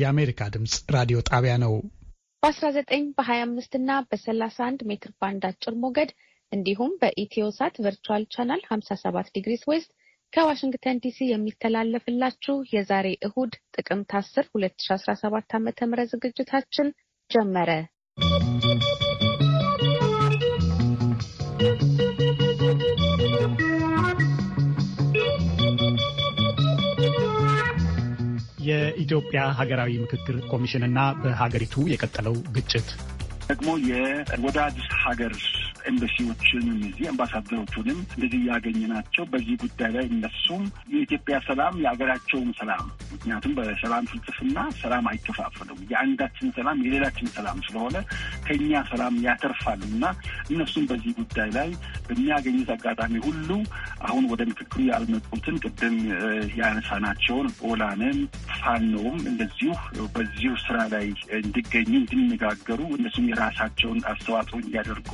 የአሜሪካ ድምፅ ራዲዮ ጣቢያ ነው። በ19 በ25 እና በ31 ሜትር ባንድ አጭር ሞገድ እንዲሁም በኢትዮሳት ቨርቹዋል ቻናል 57 ዲግሪስ ዌስት ከዋሽንግተን ዲሲ የሚተላለፍላችሁ የዛሬ እሁድ ጥቅምት 10 2017 ዓ ም ዝግጅታችን ጀመረ። የኢትዮጵያ ሀገራዊ ምክክር ኮሚሽንና በሀገሪቱ የቀጠለው ግጭት ደግሞ የወዳጅ ሀገር ኤምባሲዎችንም እዚህ አምባሳደሮቹንም እንደዚህ እያገኘ ናቸው። በዚህ ጉዳይ ላይ እነሱም የኢትዮጵያ ሰላም የሀገራቸውም ሰላም ምክንያቱም በሰላም ፍልስፍና ሰላም አይከፋፈሉም። የአንዳችን ሰላም የሌላችን ሰላም ስለሆነ ከኛ ሰላም ያተርፋል እና እነሱም በዚህ ጉዳይ ላይ በሚያገኙት አጋጣሚ ሁሉ አሁን ወደ ምክክሩ ያልመጡትን ቅድም ያነሳናቸውን ኦላንም ፋኖውም እንደዚሁ በዚሁ ስራ ላይ እንዲገኙ እንዲነጋገሩ እነሱም የራሳቸውን አስተዋጽኦ እንዲያደርጉ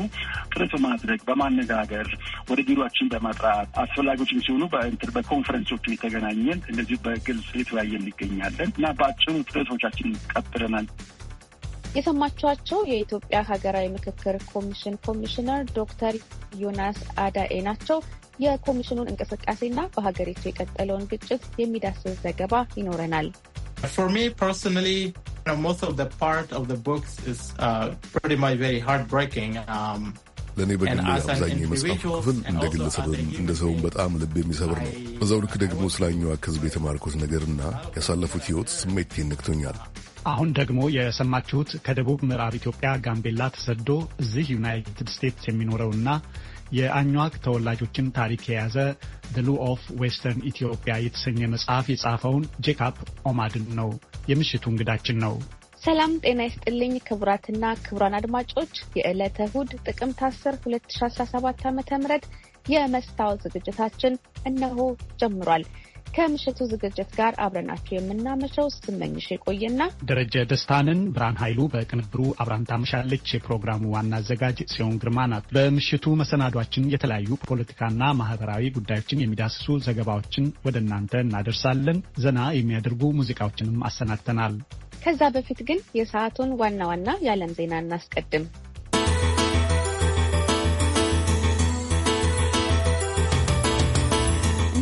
ጥረት በማድረግ በማነጋገር ወደ ቢሮችን በመጥራት አስፈላጊዎችም ሲሆኑ በኮንፈረንሶቹ የተገናኘን እንደዚሁ በግልጽ የተለያየ እንገኛለን እና በአጭሩ ጥረቶቻችን ቀጥለናል። የሰማችኋቸው የኢትዮጵያ ሀገራዊ ምክክር ኮሚሽን ኮሚሽነር ዶክተር ዮናስ አዳኤ ናቸው። የኮሚሽኑን እንቅስቃሴና በሀገሪቱ የቀጠለውን ግጭት የሚዳስስ ዘገባ ይኖረናል። For me personally, you know, most of the part of the books is uh, pretty much very heartbreaking. Um, ለእኔ በግሌ አብዛኛው መጽሐፍ ክፍል እንደ ግለሰብም እንደ ሰውም በጣም ልብ የሚሰብር ነው። በዛው ልክ ደግሞ ስላኛዋ ከህዝብ የተማርኩት ነገርና ያሳለፉት ህይወት ስሜት ይነክቶኛል። አሁን ደግሞ የሰማችሁት ከደቡብ ምዕራብ ኢትዮጵያ ጋምቤላ ተሰዶ እዚህ ዩናይትድ ስቴትስ የሚኖረውና የአኟዋክ ተወላጆችን ታሪክ የያዘ ዘ ሉ ኦፍ ዌስተርን ኢትዮጵያ የተሰኘ መጽሐፍ የጻፈውን ጄካፕ ኦማድን ነው የምሽቱ እንግዳችን ነው። ሰላም ጤና ይስጥልኝ ክቡራትና ክቡራን አድማጮች የዕለተ እሁድ ጥቅምት 10 2017 ዓ ም የመስታወት ዝግጅታችን እነሆ ጀምሯል። ከምሽቱ ዝግጅት ጋር አብረናቸው የምናመሸው ስመኝሽ የቆየና ደረጀ ደስታንን። ብርሃን ኃይሉ በቅንብሩ አብራን ታመሻለች። የፕሮግራሙ ዋና አዘጋጅ ጽዮን ግርማ ናት። በምሽቱ መሰናዷችን የተለያዩ ፖለቲካና ማህበራዊ ጉዳዮችን የሚዳስሱ ዘገባዎችን ወደ እናንተ እናደርሳለን። ዘና የሚያደርጉ ሙዚቃዎችንም አሰናድተናል። ከዛ በፊት ግን የሰዓቱን ዋና ዋና የዓለም ዜና እናስቀድም።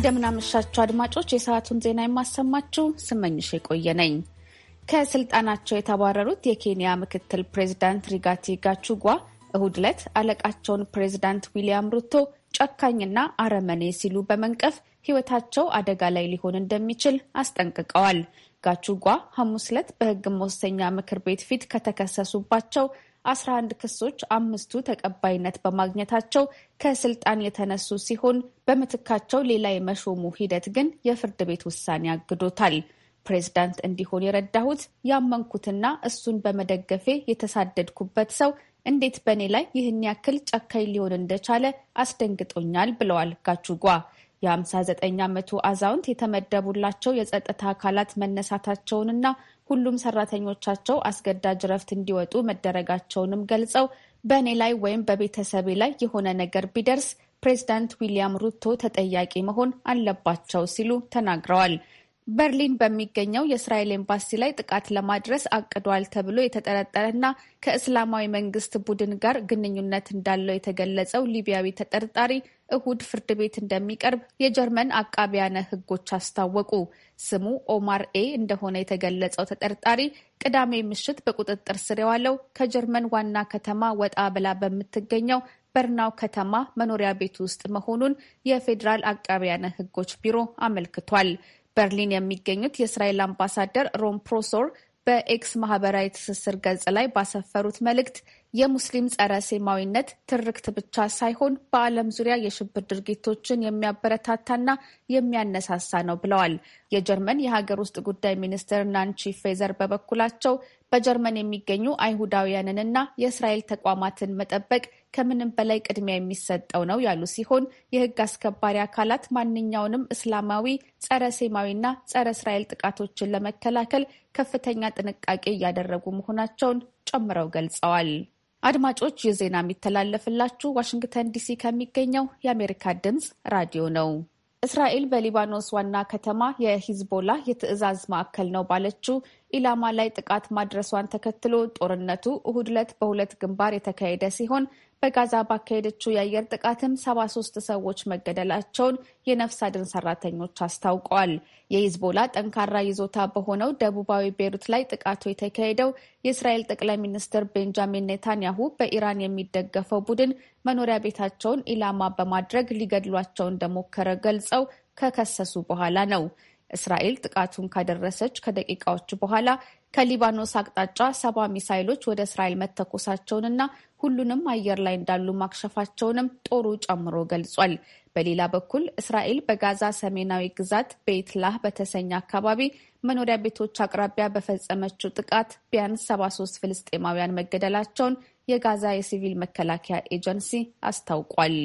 እንደምናመሻችሁ አድማጮች፣ የሰዓቱን ዜና የማሰማችሁ ስመኝሽ የቆየ ነኝ። ከስልጣናቸው የተባረሩት የኬንያ ምክትል ፕሬዚዳንት ሪጋቲ ጋቹጓ እሁድ ዕለት አለቃቸውን ፕሬዚዳንት ዊሊያም ሩቶ ጨካኝና አረመኔ ሲሉ በመንቀፍ ሕይወታቸው አደጋ ላይ ሊሆን እንደሚችል አስጠንቅቀዋል። ጋቹጓ ሐሙስ ዕለት በሕግ መወሰኛ ምክር ቤት ፊት ከተከሰሱባቸው አስራ አንድ ክሶች አምስቱ ተቀባይነት በማግኘታቸው ከስልጣን የተነሱ ሲሆን በምትካቸው ሌላ የመሾሙ ሂደት ግን የፍርድ ቤት ውሳኔ አግዶታል። ፕሬዝዳንት እንዲሆን የረዳሁት ያመንኩትና እሱን በመደገፌ የተሳደድኩበት ሰው እንዴት በእኔ ላይ ይህን ያክል ጨካኝ ሊሆን እንደቻለ አስደንግጦኛል ብለዋል ጋቹጓ። የ59 ዓመቱ አዛውንት የተመደቡላቸው የጸጥታ አካላት መነሳታቸውንና ሁሉም ሰራተኞቻቸው አስገዳጅ ረፍት እንዲወጡ መደረጋቸውንም ገልጸው በእኔ ላይ ወይም በቤተሰቤ ላይ የሆነ ነገር ቢደርስ ፕሬዚዳንት ዊሊያም ሩቶ ተጠያቂ መሆን አለባቸው ሲሉ ተናግረዋል። በርሊን በሚገኘው የእስራኤል ኤምባሲ ላይ ጥቃት ለማድረስ አቅዷል ተብሎ የተጠረጠረና ከእስላማዊ መንግስት ቡድን ጋር ግንኙነት እንዳለው የተገለጸው ሊቢያዊ ተጠርጣሪ እሁድ ፍርድ ቤት እንደሚቀርብ የጀርመን አቃቢያነ ሕጎች አስታወቁ። ስሙ ኦማር ኤ እንደሆነ የተገለጸው ተጠርጣሪ ቅዳሜ ምሽት በቁጥጥር ስር የዋለው ከጀርመን ዋና ከተማ ወጣ ብላ በምትገኘው በርናው ከተማ መኖሪያ ቤት ውስጥ መሆኑን የፌዴራል አቃቢያነ ሕጎች ቢሮ አመልክቷል። በርሊን የሚገኙት የእስራኤል አምባሳደር ሮም ፕሮሶር በኤክስ ማህበራዊ ትስስር ገጽ ላይ ባሰፈሩት መልእክት የሙስሊም ጸረ ሴማዊነት ትርክት ብቻ ሳይሆን በዓለም ዙሪያ የሽብር ድርጊቶችን የሚያበረታታና የሚያነሳሳ ነው ብለዋል። የጀርመን የሀገር ውስጥ ጉዳይ ሚኒስትር ናንቺ ፌዘር በበኩላቸው በጀርመን የሚገኙ አይሁዳውያንንና የእስራኤል ተቋማትን መጠበቅ ከምንም በላይ ቅድሚያ የሚሰጠው ነው ያሉ ሲሆን የሕግ አስከባሪ አካላት ማንኛውንም እስላማዊ ጸረ ሴማዊና ጸረ እስራኤል ጥቃቶችን ለመከላከል ከፍተኛ ጥንቃቄ እያደረጉ መሆናቸውን ጨምረው ገልጸዋል። አድማጮች ይህ ዜና የሚተላለፍላችሁ ዋሽንግተን ዲሲ ከሚገኘው የአሜሪካ ድምፅ ራዲዮ ነው። እስራኤል በሊባኖስ ዋና ከተማ የሂዝቦላ የትዕዛዝ ማዕከል ነው ባለችው ኢላማ ላይ ጥቃት ማድረሷን ተከትሎ ጦርነቱ እሁድ ዕለት በሁለት ግንባር የተካሄደ ሲሆን በጋዛ ባካሄደችው የአየር ጥቃትም 73 ሰዎች መገደላቸውን የነፍስ አድን ሰራተኞች አስታውቀዋል። የሂዝቦላ ጠንካራ ይዞታ በሆነው ደቡባዊ ቤሩት ላይ ጥቃቱ የተካሄደው የእስራኤል ጠቅላይ ሚኒስትር ቤንጃሚን ኔታንያሁ በኢራን የሚደገፈው ቡድን መኖሪያ ቤታቸውን ኢላማ በማድረግ ሊገድሏቸው እንደሞከረ ገልጸው ከከሰሱ በኋላ ነው። እስራኤል ጥቃቱን ካደረሰች ከደቂቃዎች በኋላ ከሊባኖስ አቅጣጫ ሰባ ሚሳይሎች ወደ እስራኤል መተኮሳቸውንና ሁሉንም አየር ላይ እንዳሉ ማክሸፋቸውንም ጦሩ ጨምሮ ገልጿል። በሌላ በኩል እስራኤል በጋዛ ሰሜናዊ ግዛት ቤት ላህ በተሰኘ አካባቢ መኖሪያ ቤቶች አቅራቢያ በፈጸመችው ጥቃት ቢያንስ 73 ፍልስጤማውያን መገደላቸውን የጋዛ የሲቪል መከላከያ ኤጀንሲ አስታውቋል።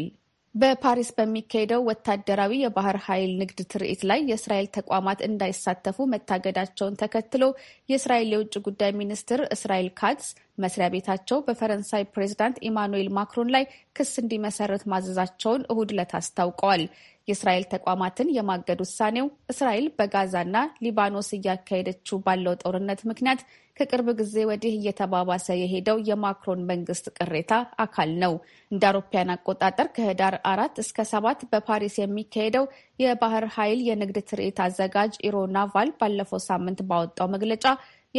በፓሪስ በሚካሄደው ወታደራዊ የባህር ኃይል ንግድ ትርኢት ላይ የእስራኤል ተቋማት እንዳይሳተፉ መታገዳቸውን ተከትሎ የእስራኤል የውጭ ጉዳይ ሚኒስትር እስራኤል ካትስ መስሪያ ቤታቸው በፈረንሳይ ፕሬዚዳንት ኢማኑኤል ማክሮን ላይ ክስ እንዲመሰረት ማዘዛቸውን እሁድ ዕለት አስታውቀዋል። የእስራኤል ተቋማትን የማገድ ውሳኔው እስራኤል በጋዛና ሊባኖስ እያካሄደችው ባለው ጦርነት ምክንያት ከቅርብ ጊዜ ወዲህ እየተባባሰ የሄደው የማክሮን መንግስት ቅሬታ አካል ነው። እንደ አውሮፓያን አቆጣጠር ከህዳር አራት እስከ ሰባት በፓሪስ የሚካሄደው የባህር ኃይል የንግድ ትርኢት አዘጋጅ ኢሮ ናቫል ባለፈው ሳምንት ባወጣው መግለጫ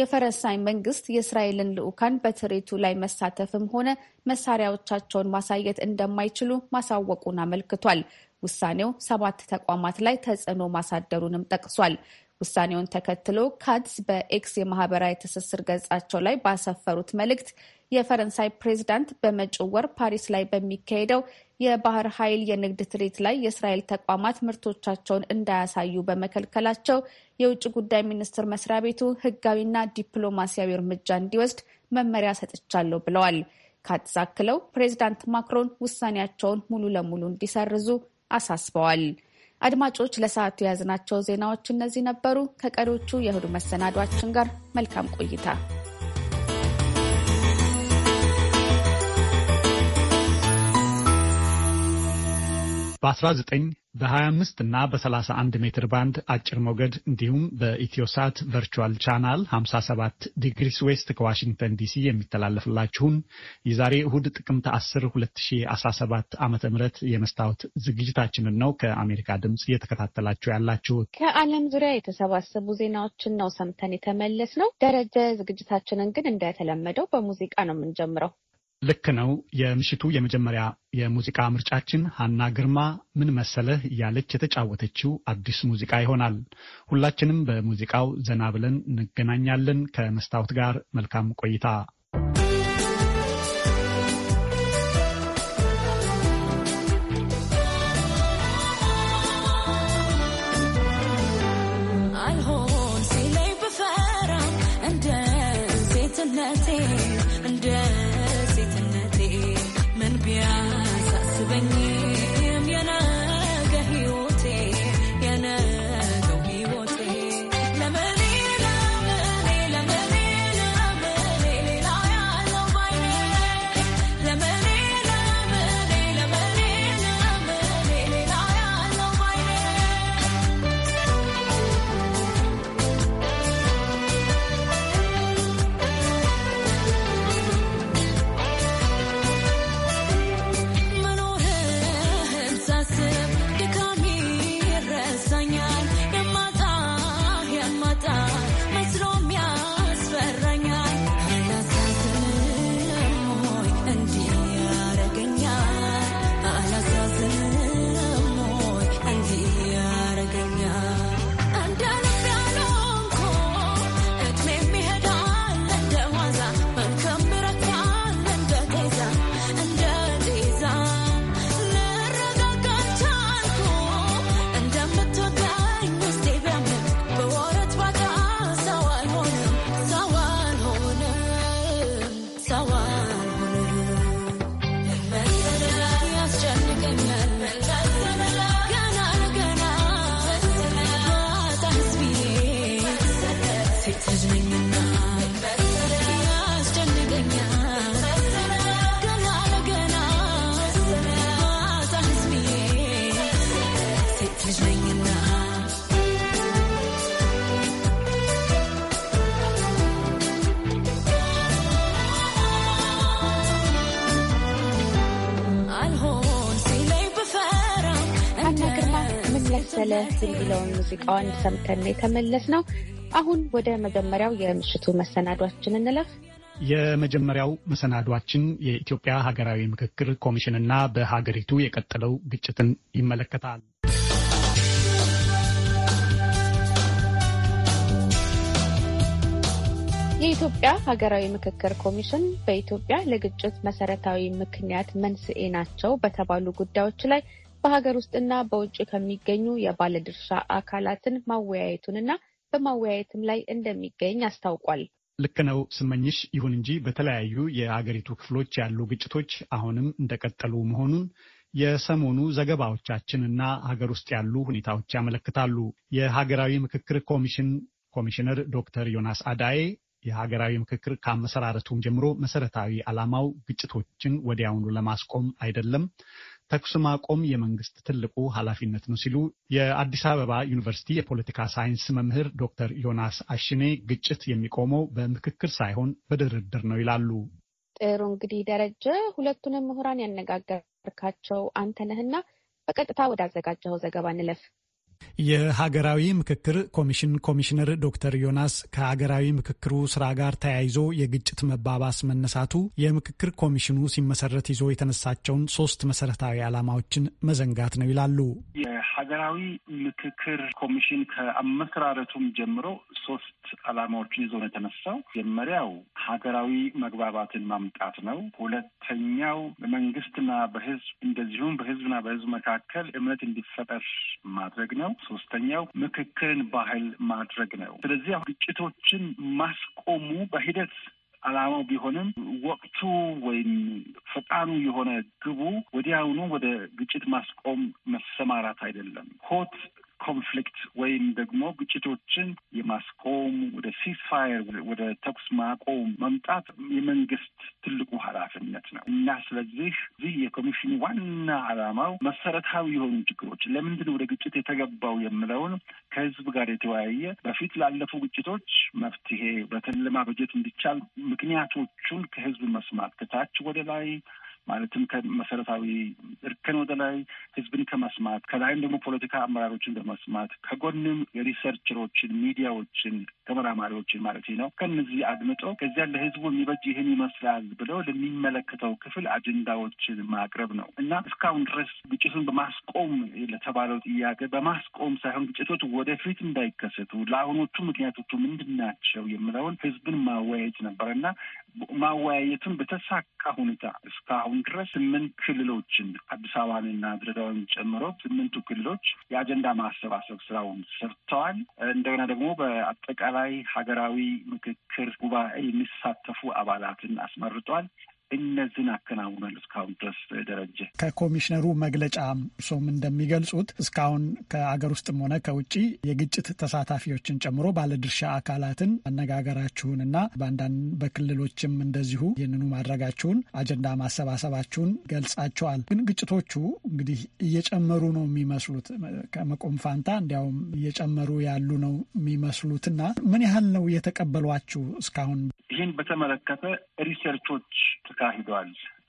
የፈረንሳይ መንግስት የእስራኤልን ልዑካን በትርኢቱ ላይ መሳተፍም ሆነ መሳሪያዎቻቸውን ማሳየት እንደማይችሉ ማሳወቁን አመልክቷል። ውሳኔው ሰባት ተቋማት ላይ ተጽዕኖ ማሳደሩንም ጠቅሷል። ውሳኔውን ተከትሎ ካትስ በኤክስ የማህበራዊ ትስስር ገጻቸው ላይ ባሰፈሩት መልእክት የፈረንሳይ ፕሬዚዳንት በመጪው ወር ፓሪስ ላይ በሚካሄደው የባህር ኃይል የንግድ ትርኢት ላይ የእስራኤል ተቋማት ምርቶቻቸውን እንዳያሳዩ በመከልከላቸው የውጭ ጉዳይ ሚኒስቴር መስሪያ ቤቱ ህጋዊና ዲፕሎማሲያዊ እርምጃ እንዲወስድ መመሪያ ሰጥቻለሁ ብለዋል። ካትዛክለው አክለው ፕሬዚዳንት ማክሮን ውሳኔያቸውን ሙሉ ለሙሉ እንዲሰርዙ አሳስበዋል። አድማጮች ለሰዓቱ የያዝናቸው ዜናዎች እነዚህ ነበሩ። ከቀሪዎቹ የእሁድ መሰናዷችን ጋር መልካም ቆይታ። በ19 በ25 እና በ31 ሜትር ባንድ አጭር ሞገድ እንዲሁም በኢትዮሳት ቨርቹዋል ቻናል 57 ዲግሪስ ዌስት ከዋሽንግተን ዲሲ የሚተላለፍላችሁን የዛሬ እሁድ ጥቅምት 10 2017 ዓ ም የመስታወት ዝግጅታችንን ነው ከአሜሪካ ድምፅ እየተከታተላችሁ ያላችሁት። ከዓለም ዙሪያ የተሰባሰቡ ዜናዎችን ነው ሰምተን የተመለስ ነው። ደረጀ፣ ዝግጅታችንን ግን እንደተለመደው በሙዚቃ ነው የምንጀምረው። ልክ ነው። የምሽቱ የመጀመሪያ የሙዚቃ ምርጫችን ሀና ግርማ ምን መሰለህ እያለች የተጫወተችው አዲስ ሙዚቃ ይሆናል። ሁላችንም በሙዚቃው ዘና ብለን እንገናኛለን። ከመስታወት ጋር መልካም ቆይታ ሙዚቃዋን ሰምተን የተመለስ ነው። አሁን ወደ መጀመሪያው የምሽቱ መሰናዷችን እንለፍ። የመጀመሪያው መሰናዷችን የኢትዮጵያ ሀገራዊ ምክክር ኮሚሽንና በሀገሪቱ የቀጠለው ግጭትን ይመለከታል። የኢትዮጵያ ሀገራዊ ምክክር ኮሚሽን በኢትዮጵያ ለግጭት መሰረታዊ ምክንያት መንስኤ ናቸው በተባሉ ጉዳዮች ላይ በሀገር ውስጥና በውጭ ከሚገኙ የባለድርሻ አካላትን ማወያየቱንና በማወያየትም ላይ እንደሚገኝ አስታውቋል። ልክ ነው ስመኝሽ። ይሁን እንጂ በተለያዩ የአገሪቱ ክፍሎች ያሉ ግጭቶች አሁንም እንደቀጠሉ መሆኑን የሰሞኑ ዘገባዎቻችን እና ሀገር ውስጥ ያሉ ሁኔታዎች ያመለክታሉ። የሀገራዊ ምክክር ኮሚሽን ኮሚሽነር ዶክተር ዮናስ አዳዬ የሀገራዊ ምክክር ከአመሰራረቱም ጀምሮ መሰረታዊ ዓላማው ግጭቶችን ወዲያውኑ ለማስቆም አይደለም ተኩስ ማቆም የመንግስት ትልቁ ኃላፊነት ነው ሲሉ የአዲስ አበባ ዩኒቨርሲቲ የፖለቲካ ሳይንስ መምህር ዶክተር ዮናስ አሽኔ ግጭት የሚቆመው በምክክር ሳይሆን በድርድር ነው ይላሉ። ጥሩ እንግዲህ ደረጀ፣ ሁለቱንም ምሁራን ያነጋገርካቸው አንተ ነህና በቀጥታ ወዳዘጋጀኸው ዘገባ እንለፍ። የሀገራዊ ምክክር ኮሚሽን ኮሚሽነር ዶክተር ዮናስ ከሀገራዊ ምክክሩ ስራ ጋር ተያይዞ የግጭት መባባስ መነሳቱ የምክክር ኮሚሽኑ ሲመሰረት ይዞ የተነሳቸውን ሶስት መሰረታዊ ዓላማዎችን መዘንጋት ነው ይላሉ። የሀገራዊ ምክክር ኮሚሽን ከአመሰራረቱም ጀምሮ ሶስት ዓላማዎችን ይዞ ነው የተነሳው። መጀመሪያው ሀገራዊ መግባባትን ማምጣት ነው። ሁለተኛው በመንግስትና በህዝብ እንደዚሁም በህዝብና በህዝብ መካከል እምነት እንዲፈጠር ማድረግ ነው። ነው። ሶስተኛው ምክክርን ባህል ማድረግ ነው። ስለዚህ ግጭቶችን ማስቆሙ በሂደት ዓላማው ቢሆንም ወቅቱ ወይም ፈጣኑ የሆነ ግቡ ወዲያውኑ ወደ ግጭት ማስቆም መሰማራት አይደለም። ሆት ኮንፍሊክት ወይም ደግሞ ግጭቶችን የማስቆም ወደ ሲስፋየር ወደ ተኩስ ማቆም መምጣት የመንግስት ትልቁ ኃላፊነት ነው እና ስለዚህ እዚህ የኮሚሽኑ ዋና ዓላማው መሰረታዊ የሆኑ ችግሮች ለምንድን ወደ ግጭት የተገባው የምለውን ከህዝብ ጋር የተወያየ በፊት ላለፉ ግጭቶች መፍትሄ በጀት እንዲቻል ምክንያቶቹን ከህዝብ መስማት ከታች ወደ ላይ ማለትም ከመሰረታዊ እርክን ወደ ላይ ህዝብን ከመስማት ከላይም ደግሞ ፖለቲካ አመራሮችን በመስማት ከጎንም የሪሰርቸሮችን፣ ሚዲያዎችን፣ ተመራማሪዎችን ማለት ነው ከነዚህ አድምጦ ከዚያ ለህዝቡ የሚበጅ ይህን ይመስላል ብለው ለሚመለከተው ክፍል አጀንዳዎችን ማቅረብ ነው እና እስካሁን ድረስ ግጭቱን በማስቆም ለተባለው ጥያቄ በማስቆም ሳይሆን ግጭቶች ወደፊት እንዳይከሰቱ ለአሁኖቹ ምክንያቶቹ ምንድን ናቸው የምለውን ህዝብን ማወያየት ነበር እና ማወያየቱን በተሳካ ሁኔታ እስካሁን ድረስ ስምንት ክልሎችን አዲስ አበባንና ድሬዳዋን ጨምሮ ስምንቱ ክልሎች የአጀንዳ ማሰባሰብ ስራውን ሰርተዋል። እንደገና ደግሞ በአጠቃላይ ሀገራዊ ምክክር ጉባኤ የሚሳተፉ አባላትን አስመርጧል። እነዚህን አከናውናል። እስካሁን ድረስ ደረጀ። ከኮሚሽነሩ መግለጫ ሶም እንደሚገልጹት እስካሁን ከአገር ውስጥም ሆነ ከውጭ የግጭት ተሳታፊዎችን ጨምሮ ባለድርሻ አካላትን አነጋገራችሁን እና በአንዳንድ በክልሎችም እንደዚሁ ይህንኑ ማድረጋችሁን አጀንዳ ማሰባሰባችሁን ገልጻችኋል። ግን ግጭቶቹ እንግዲህ እየጨመሩ ነው የሚመስሉት ከመቆም ፋንታ እንዲያውም እየጨመሩ ያሉ ነው የሚመስሉትና ምን ያህል ነው የተቀበሏችሁ እስካሁን? ይህን በተመለከተ ሪሰርቾች ተካሂዷል።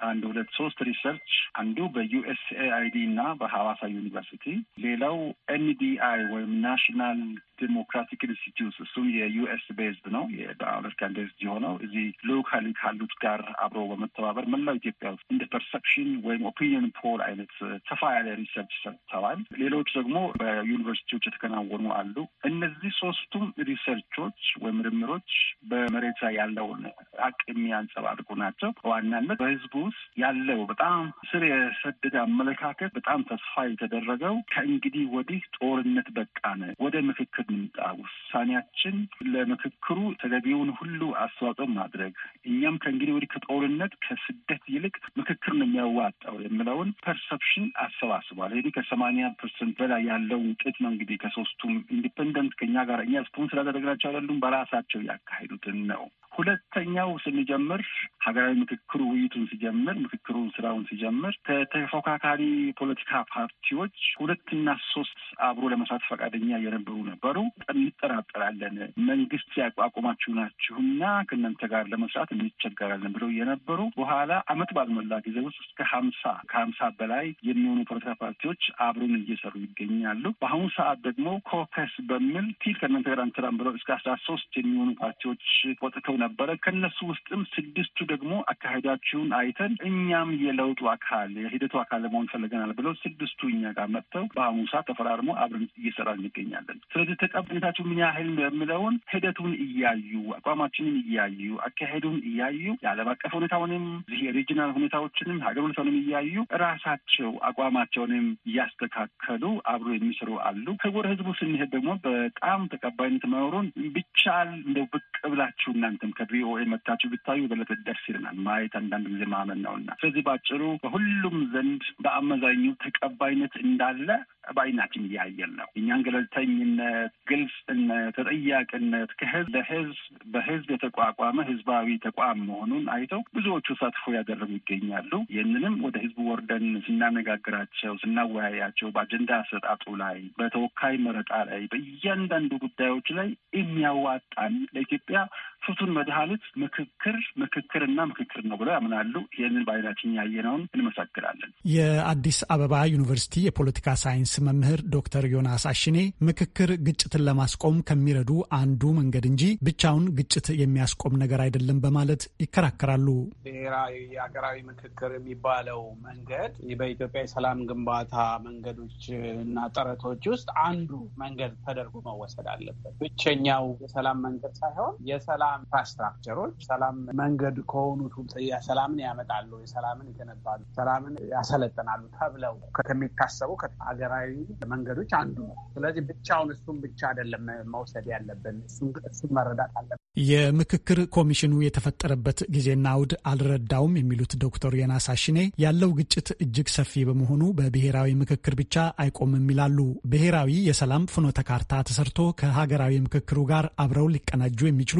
አንድ ሁለት ሶስት ሪሰርች አንዱ በዩኤስኤ እና በሐዋሳ ዩኒቨርሲቲ ሌላው ኤንዲአይ ወይም ናሽናል ዲሞክራቲክ ኢንስቲትዩት እሱም የዩኤስ ቤዝድ ነው በአሜሪካን ቤዝድ የሆነው እዚህ ሎካሊ ካሉት ጋር አብሮ በመተባበር መላው ኢትዮጵያ ውስጥ እንደ ፐርሰፕሽን ወይም ኦፒኒየን ፖል አይነት ሰፋ ያለ ሪሰርች ሰጥተዋል። ሌሎች ደግሞ በዩኒቨርሲቲዎች የተከናወኑ አሉ። እነዚህ ሶስቱም ሪሰርቾች ወይም ምርምሮች በመሬት ላይ ያለውን አቅ የሚያንጸባርቁ ናቸው። በዋናነት በህዝቡ ውስጥ ያለው በጣም ስር የሰደደ አመለካከት በጣም ተስፋ የተደረገው ከእንግዲህ ወዲህ ጦርነት በቃነ፣ ወደ ምክክር ንምጣ፣ ውሳኔያችን ለምክክሩ ተገቢውን ሁሉ አስተዋጽኦ ማድረግ፣ እኛም ከእንግዲህ ወዲህ ከጦርነት ከስደት ይልቅ ምክክር ነው የሚያዋጣው የምለውን ፐርሰፕሽን አሰባስቧል። ይህ ከሰማንያ ፐርሰንት በላይ ያለው ውጤት ነው። እንግዲህ ከሶስቱም ኢንዲፐንደንት ከኛ ጋር እኛ ስፖንስር ያደረግናቸው አይደሉም፣ በራሳቸው ያካሄዱትን ነው። ሁለተኛው ስንጀምር ሀገራዊ ምክክሩ ውይይቱን ሲጀምር ምክክሩን ስራውን ሲጀምር ከተፎካካሪ ፖለቲካ ፓርቲዎች ሁለትና ሶስት አብሮ ለመስራት ፈቃደኛ የነበሩ ነበሩ። እንጠራጠራለን፣ መንግስት ያቋቁማችሁ ናችሁና ከእናንተ ጋር ለመስራት እንቸገራለን ብለው የነበሩ በኋላ አመት ባልሞላ ጊዜ ውስጥ እስከ ሀምሳ ከሀምሳ በላይ የሚሆኑ ፖለቲካ ፓርቲዎች አብሮን እየሰሩ ይገኛሉ። በአሁኑ ሰዓት ደግሞ ኮከስ በሚል ቲል ከእናንተ ጋር አንሰራም ብለው እስከ አስራ ሶስት የሚሆኑ ፓርቲዎች ወጥተው ነበረ። ከነሱ ውስጥም ስድስቱ ደግሞ አካሄዳችሁን አይተን እኛም የለውጡ አካል የሂደቱ አካል ለመሆን ፈለገናል ብለው ስድስቱ እኛ ጋር መጥተው በአሁኑ ሰዓት ተፈራርሞ አብረን እየሰራ እንገኛለን። ስለዚህ ተቀባይነታችሁ ምን ያህል የሚለውን ሂደቱን እያዩ አቋማችንን እያዩ አካሄዱን እያዩ የዓለም አቀፍ ሁኔታውንም እዚህ የሪጂናል ሁኔታዎችንም ሀገር ሁኔታውንም እያዩ ራሳቸው አቋማቸውንም እያስተካከሉ አብሮ የሚሰሩ አሉ። ህቡር ህዝቡ ስንሄድ ደግሞ በጣም ተቀባይነት መኖሩን ብቻል እንደው ብቅ ብላችሁ እናንተም ከቪኦኤ መታችሁ ብታዩ የበለጠ ደስ ይለናል። ማየት አንዳንድ ጊዜ ማመን ነውና፣ ስለዚህ በአጭሩ በሁሉም ዘንድ በአመዛኙ ተቀባይነት እንዳለ በአይናችን እያየን ነው። እኛን ገለልተኝነት፣ ግልጽነት፣ ተጠያቂነት ከህዝብ ለህዝብ በህዝብ የተቋቋመ ህዝባዊ ተቋም መሆኑን አይተው ብዙዎቹ ተሳትፎ ያደረጉ ይገኛሉ። ይህንንም ወደ ህዝቡ ወርደን ስናነጋግራቸው፣ ስናወያያቸው በአጀንዳ አሰጣጡ ላይ፣ በተወካይ መረጣ ላይ፣ በእያንዳንዱ ጉዳዮች ላይ የሚያዋጣን ለኢትዮጵያ ፍቱን መድኃኒት ምክክር ምክክርና ምክክር ነው ብለው ያምናሉ። ይህንን በአይናችን ያየነውን እንመሰክራለን። የአዲስ አበባ ዩኒቨርሲቲ የፖለቲካ ሳይንስ መምህር ዶክተር ዮናስ አሽኔ ምክክር ግጭትን ለማስቆም ከሚረዱ አንዱ መንገድ እንጂ ብቻውን ግጭት የሚያስቆም ነገር አይደለም በማለት ይከራከራሉ። ብሔራዊ የሀገራዊ ምክክር የሚባለው መንገድ በኢትዮጵያ የሰላም ግንባታ መንገዶች እና ጥረቶች ውስጥ አንዱ መንገድ ተደርጎ መወሰድ አለበት። ብቸኛው የሰላም መንገድ ሳይሆን የሰላም የሰላም ኢንፍራስትራክቸሮች ሰላም መንገድ ከሆኑት ሰላምን ያመጣሉ፣ የሰላምን ይገነባሉ፣ ሰላምን ያሰለጥናሉ ተብለው ከሚታሰቡ ሀገራዊ መንገዶች አንዱ ነው። ስለዚህ ብቻውን እሱም ብቻ አይደለም መውሰድ ያለብን፣ እሱን መረዳት አለብን። የምክክር ኮሚሽኑ የተፈጠረበት ጊዜና አውድ አልረዳውም የሚሉት ዶክተር የናስ አሽኔ ያለው ግጭት እጅግ ሰፊ በመሆኑ በብሔራዊ ምክክር ብቻ አይቆምም ይላሉ። ብሔራዊ የሰላም ፍኖተ ካርታ ተሰርቶ ከሀገራዊ ምክክሩ ጋር አብረው ሊቀናጁ የሚችሉ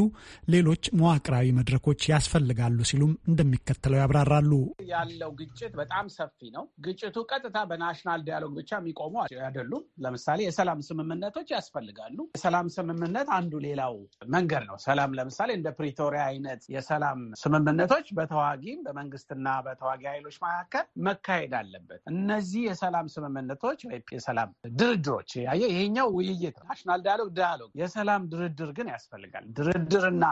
ሌሎች መዋቅራዊ መድረኮች ያስፈልጋሉ ሲሉም እንደሚከተለው ያብራራሉ። ያለው ግጭት በጣም ሰፊ ነው። ግጭቱ ቀጥታ በናሽናል ዲያሎግ ብቻ የሚቆሙ አይደሉም። ለምሳሌ የሰላም ስምምነቶች ያስፈልጋሉ። የሰላም ስምምነት አንዱ ሌላው መንገድ ነው። ሰላም ለምሳሌ እንደ ፕሪቶሪያ አይነት የሰላም ስምምነቶች በተዋጊም በመንግስትና በተዋጊ ኃይሎች መካከል መካሄድ አለበት። እነዚህ የሰላም ስምምነቶች ወይም የሰላም ድርድሮች ያየ ይሄኛው ውይይት ናሽናል ዲያሎግ ዲያሎግ የሰላም ድርድር ግን ያስፈልጋል። ድርድርና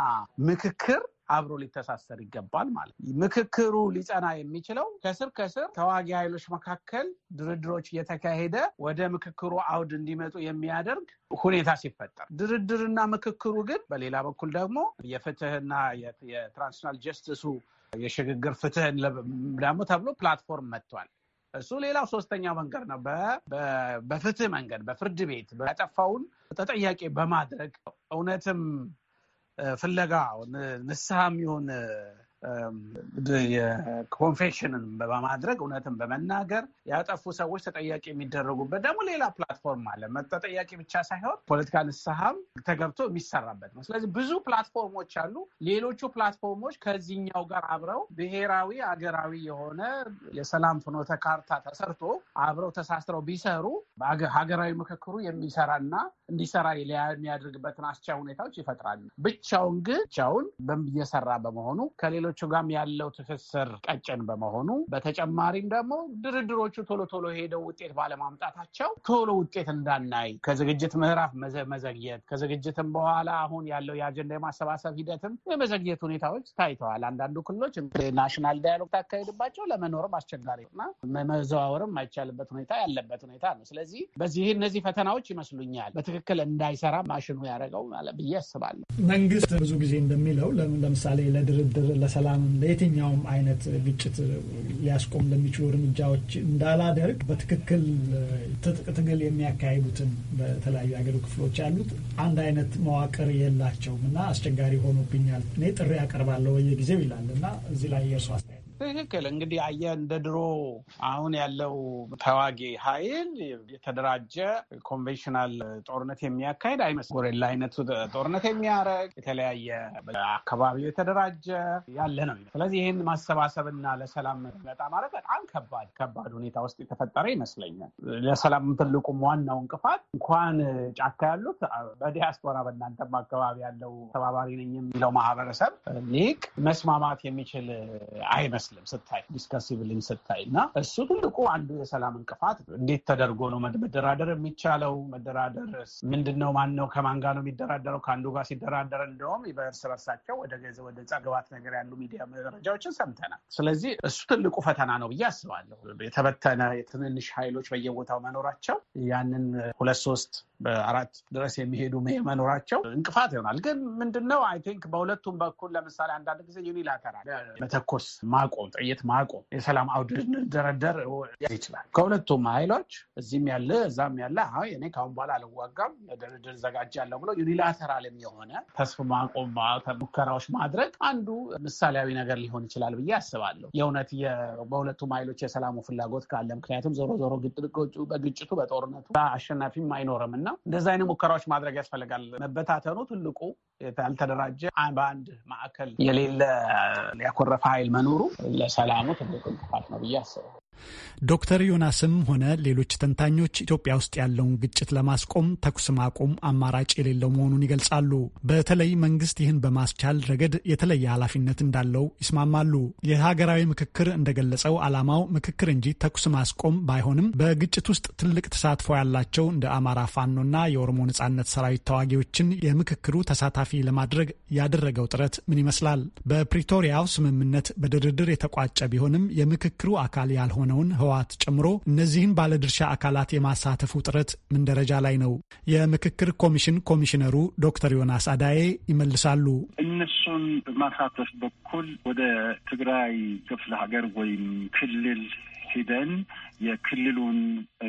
ምክክር አብሮ ሊተሳሰር ይገባል ማለት ነው። ምክክሩ ሊጸና የሚችለው ከስር ከስር ተዋጊ ኃይሎች መካከል ድርድሮች እየተካሄደ ወደ ምክክሩ አውድ እንዲመጡ የሚያደርግ ሁኔታ ሲፈጠር ድርድርና ምክክሩ ግን በሌላ በኩል ደግሞ የፍትህና የትራንስናል ጀስትሱ የሽግግር ፍትህን ደግሞ ተብሎ ፕላትፎርም መጥቷል። እሱ ሌላው ሶስተኛ መንገድ ነው። በፍትህ መንገድ በፍርድ ቤት ያጠፋውን ተጠያቂ በማድረግ እውነትም ፍለጋ ንስሐ የሚሆን ኮንፌሽንን በማድረግ እውነትን በመናገር ያጠፉ ሰዎች ተጠያቂ የሚደረጉበት ደግሞ ሌላ ፕላትፎርም አለ። ተጠያቂ ብቻ ሳይሆን ፖለቲካ ንስሐም ተገብቶ የሚሰራበት ነው። ስለዚህ ብዙ ፕላትፎርሞች አሉ። ሌሎቹ ፕላትፎርሞች ከዚህኛው ጋር አብረው ብሔራዊ አገራዊ የሆነ የሰላም ፍኖተ ካርታ ተሰርቶ አብረው ተሳስረው ቢሰሩ ሀገራዊ ምክክሩ የሚሰራና እንዲሰራ የሚያደርግበትን አስቻ ሁኔታዎች ይፈጥራሉ። ብቻውን ግን ብቻውን እየሰራ በመሆኑ ከሌሎች ከሌሎቹ ጋም ያለው ትስስር ቀጭን በመሆኑ በተጨማሪም ደግሞ ድርድሮቹ ቶሎ ቶሎ ሄደው ውጤት ባለማምጣታቸው ቶሎ ውጤት እንዳናይ ከዝግጅት ምዕራፍ መዘግየት ከዝግጅትም በኋላ አሁን ያለው የአጀንዳ የማሰባሰብ ሂደትም የመዘግየት ሁኔታዎች ታይተዋል። አንዳንዱ ክልሎች ናሽናል ዳያሎግ ታካሄድባቸው ለመኖርም አስቸጋሪና መዘዋወርም ማይቻልበት ሁኔታ ያለበት ሁኔታ ነው። ስለዚህ በዚህ እነዚህ ፈተናዎች ይመስሉኛል በትክክል እንዳይሰራ ማሽኑ ያደረገው ብዬ አስባለሁ። መንግስት ብዙ ጊዜ እንደሚለው ለምሳሌ ለድርድር ለሰ ለሰላምም ለየትኛውም አይነት ግጭት ሊያስቆም ለሚችሉ እርምጃዎች እንዳላደርግ በትክክል ትጥቅ ትግል የሚያካሂዱትን በተለያዩ የሀገሩ ክፍሎች ያሉት አንድ አይነት መዋቅር የላቸውም እና አስቸጋሪ ሆኖብኛል። እኔ ጥሪ ያቀርባለሁ በየጊዜው ይላል እና እዚህ ላይ የእርሱ አስተያየት ትክክል እንግዲህ አየ እንደ ድሮ አሁን ያለው ተዋጊ ኃይል የተደራጀ ኮንቬንሽናል ጦርነት የሚያካሄድ አይመስል ጎሬላ አይነቱ ጦርነት የሚያደርግ የተለያየ አካባቢው የተደራጀ ያለ ነው። ስለዚህ ይህን ማሰባሰብና ለሰላም መጣ ማለት በጣም ከባድ ከባድ ሁኔታ ውስጥ የተፈጠረ ይመስለኛል። ለሰላም ትልቁም ዋናው እንቅፋት እንኳን ጫካ ያሉት በዲያስፖራ በእናንተም አካባቢ ያለው ተባባሪ ነኝ የሚለው ማህበረሰብ ሊቅ መስማማት የሚችል አይመስል አይመስልም ስታይ ዲስከሲብልኝ ስታይ እና እሱ ትልቁ አንዱ የሰላም እንቅፋት ነው። እንዴት ተደርጎ ነው መደራደር የሚቻለው? መደራደር ምንድን ነው? ማን ነው ከማን ጋር ነው የሚደራደረው? ከአንዱ ጋር ሲደራደር እንደውም በእርስ በርሳቸው ወደ ገዘ ወደ ጸግባት ነገር ያሉ ሚዲያ መረጃዎችን ሰምተናል። ስለዚህ እሱ ትልቁ ፈተና ነው ብዬ አስባለሁ። የተበተነ የትንንሽ ኃይሎች በየቦታው መኖራቸው ያንን ሁለት ሶስት በአራት ድረስ የሚሄዱ መኖራቸው እንቅፋት ይሆናል። ግን ምንድነው አይ ቲንክ በሁለቱም በኩል ለምሳሌ አንዳንድ ጊዜ ዩኒላተራል መተኮስ ማቆም፣ ጥይት ማቆም፣ የሰላም አውድ እንደረደር ይችላል። ከሁለቱም ኃይሎች እዚህም ያለ እዛም ያለ አይ እኔ ካሁን በኋላ አልዋጋም ለድርድር ዘጋጃለሁ ብሎ ዩኒላተራልም የሆነ ተስፍ ማቆም ሙከራዎች ማድረግ አንዱ ምሳሌያዊ ነገር ሊሆን ይችላል ብዬ አስባለሁ። የእውነት በሁለቱም ኃይሎች የሰላሙ ፍላጎት ካለ ምክንያቱም ዞሮ ዞሮ በግጭቱ በጦርነቱ አሸናፊም አይኖርም እና እንደዛ አይነት ሙከራዎች ማድረግ ያስፈልጋል። መበታተኑ ትልቁ ያልተደራጀ በአንድ ማዕከል የሌለ ያኮረፈ ኃይል መኖሩ ለሰላሙ ትልቁ እንቅፋት ነው ብዬ አስባለሁ። ዶክተር ዮናስም ሆነ ሌሎች ተንታኞች ኢትዮጵያ ውስጥ ያለውን ግጭት ለማስቆም ተኩስ ማቆም አማራጭ የሌለው መሆኑን ይገልጻሉ። በተለይ መንግስት ይህን በማስቻል ረገድ የተለየ ኃላፊነት እንዳለው ይስማማሉ። የሀገራዊ ምክክር እንደገለጸው ዓላማው ምክክር እንጂ ተኩስ ማስቆም ባይሆንም በግጭት ውስጥ ትልቅ ተሳትፎ ያላቸው እንደ አማራ ፋኖና የኦሮሞ ነጻነት ሰራዊት ተዋጊዎችን የምክክሩ ተሳታፊ ለማድረግ ያደረገው ጥረት ምን ይመስላል? በፕሪቶሪያው ስምምነት በድርድር የተቋጨ ቢሆንም የምክክሩ አካል ያልሆነ የሆነውን ህወሓት ጨምሮ እነዚህን ባለድርሻ አካላት የማሳተፉ ጥረት ምን ደረጃ ላይ ነው? የምክክር ኮሚሽን ኮሚሽነሩ ዶክተር ዮናስ አዳዬ ይመልሳሉ። እነሱን በማሳተፍ በኩል ወደ ትግራይ ክፍለ ሀገር ወይም ክልል ሂደን የክልሉን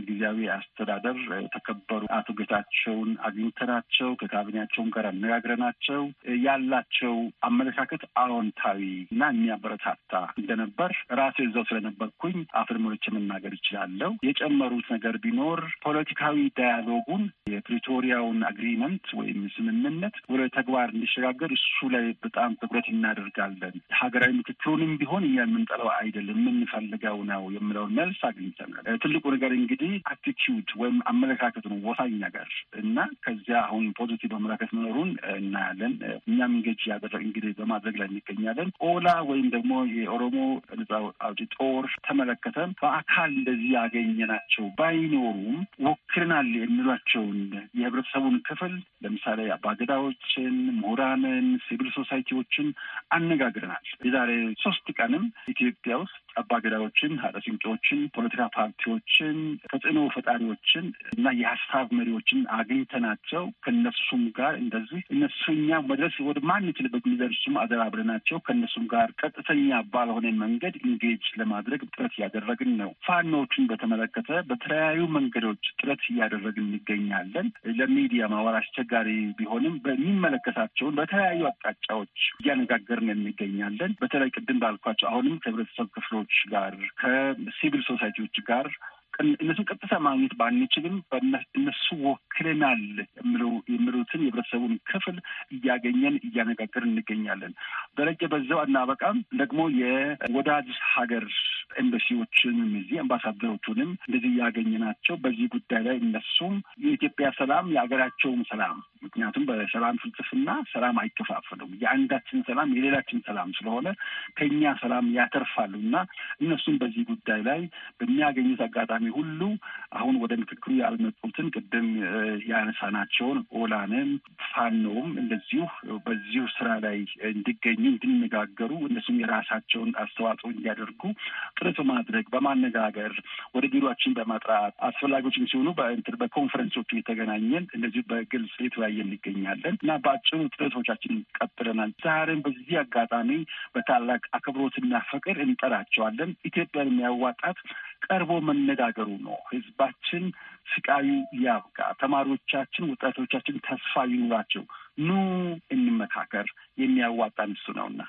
ጊዜያዊ አስተዳደር የተከበሩ አቶ ጌታቸውን አግኝተናቸው ከካቢኔያቸውም ጋር አነጋግረናቸው ያላቸው አመለካከት አዎንታዊ እና የሚያበረታታ እንደነበር ራሴ እዛው ስለነበርኩኝ አፍርሞች ሞልቼ መናገር ይችላለሁ። የጨመሩት ነገር ቢኖር ፖለቲካዊ ዳያሎጉን የፕሪቶሪያውን አግሪመንት ወይም ስምምነት ወደ ተግባር እንዲሸጋገር እሱ ላይ በጣም ትኩረት እናደርጋለን። ሀገራዊ ምክክሩንም ቢሆን እኛ የምንጠለው አይደለም የምንፈልገው ነው የምለውን መልስ አግኝተ ይወሰናል። ትልቁ ነገር እንግዲህ አቲቲዩድ ወይም አመለካከት ነው ወሳኝ ነገር እና ከዚያ አሁን ፖዚቲቭ አመለካከት መኖሩን እናያለን። እኛም እንገጅ ያገር እንግዲህ በማድረግ ላይ እንገኛለን። ኦላ ወይም ደግሞ የኦሮሞ ነጻ አውጪ ጦር ተመለከተ በአካል እንደዚህ ያገኘ ናቸው ባይኖሩም ወክልናል የሚሏቸውን የህብረተሰቡን ክፍል ለምሳሌ አባገዳዎችን፣ ምሁራንን፣ ሲቪል ሶሳይቲዎችን አነጋግረናል። የዛሬ ሶስት ቀንም ኢትዮጵያ ውስጥ አባገዳዎችን፣ ሀደ ሲንቄዎችን፣ ፖለቲካ ፓርቲዎችን፣ ተጽዕኖ ፈጣሪዎችን እና የሀሳብ መሪዎችን አግኝተናቸው ከነሱም ጋር እንደዚህ እነሱ እኛ መድረስ ወደ ማንችልበት የሚደርሱም አደራብረናቸው ከእነሱም ጋር ቀጥተኛ ባልሆነ መንገድ ኢንጌጅ ለማድረግ ጥረት እያደረግን ነው። ፋኖችን በተመለከተ በተለያዩ መንገዶች ጥረት እያደረግን እንገኛለን። ለሚዲያ ማዋል አስቸጋሪ ቢሆንም በሚመለከታቸውን በተለያዩ አቅጣጫዎች እያነጋገርን እንገኛለን። በተለይ ቅድም ባልኳቸው አሁንም ከህብረተሰብ ክፍሎች ጋር ከሲቪል ሶሳይቲዎች de carros, እነሱን ቀጥታ ማግኘት ባንችልም እነሱ ወክለናል የሚሉትን የህብረተሰቡን ክፍል እያገኘን እያነጋገር እንገኛለን። ደረጀ በዛው አናበቃም ደግሞ የወዳጅ ሀገር ኤምባሲዎችንም እዚህ አምባሳደሮቹንም እንደዚህ እያገኘ ናቸው። በዚህ ጉዳይ ላይ እነሱም የኢትዮጵያ ሰላም የሀገራቸውም ሰላም ምክንያቱም በሰላም ፍልስፍና ሰላም አይከፋፈሉም። የአንዳችን ሰላም የሌላችን ሰላም ስለሆነ ከኛ ሰላም ያተርፋሉ እና እነሱም በዚህ ጉዳይ ላይ በሚያገኙት አጋጣሚ ተቃዋሚ ሁሉ አሁን ወደ ምክክሩ ያልመጡትን ቅድም ያነሳናቸውን ኦላንም ፋኖም እንደዚሁ በዚሁ ስራ ላይ እንዲገኙ እንዲነጋገሩ፣ እነሱም የራሳቸውን አስተዋጽኦ እንዲያደርጉ ጥረት ማድረግ በማነጋገር ወደ ቢሮችን በማጥራት አስፈላጊዎችም ሲሆኑ በኮንፈረንሶቹ የተገናኘን እንደዚሁ በግልጽ የተወያየን እንገኛለን እና በአጭሩ ጥረቶቻችን ቀጥለናል። ዛሬም በዚህ አጋጣሚ በታላቅ አክብሮትና ፍቅር እንጠራቸዋለን ኢትዮጵያን የሚያዋጣት ቀርቦ መነጋገሩ ነው። ህዝባችን ስቃዩ ያብቃ፣ ተማሪዎቻችን፣ ወጣቶቻችን ተስፋ ይኑራቸው፣ ኑ እንመካከር፣ የሚያዋጣን እሱ ነውና።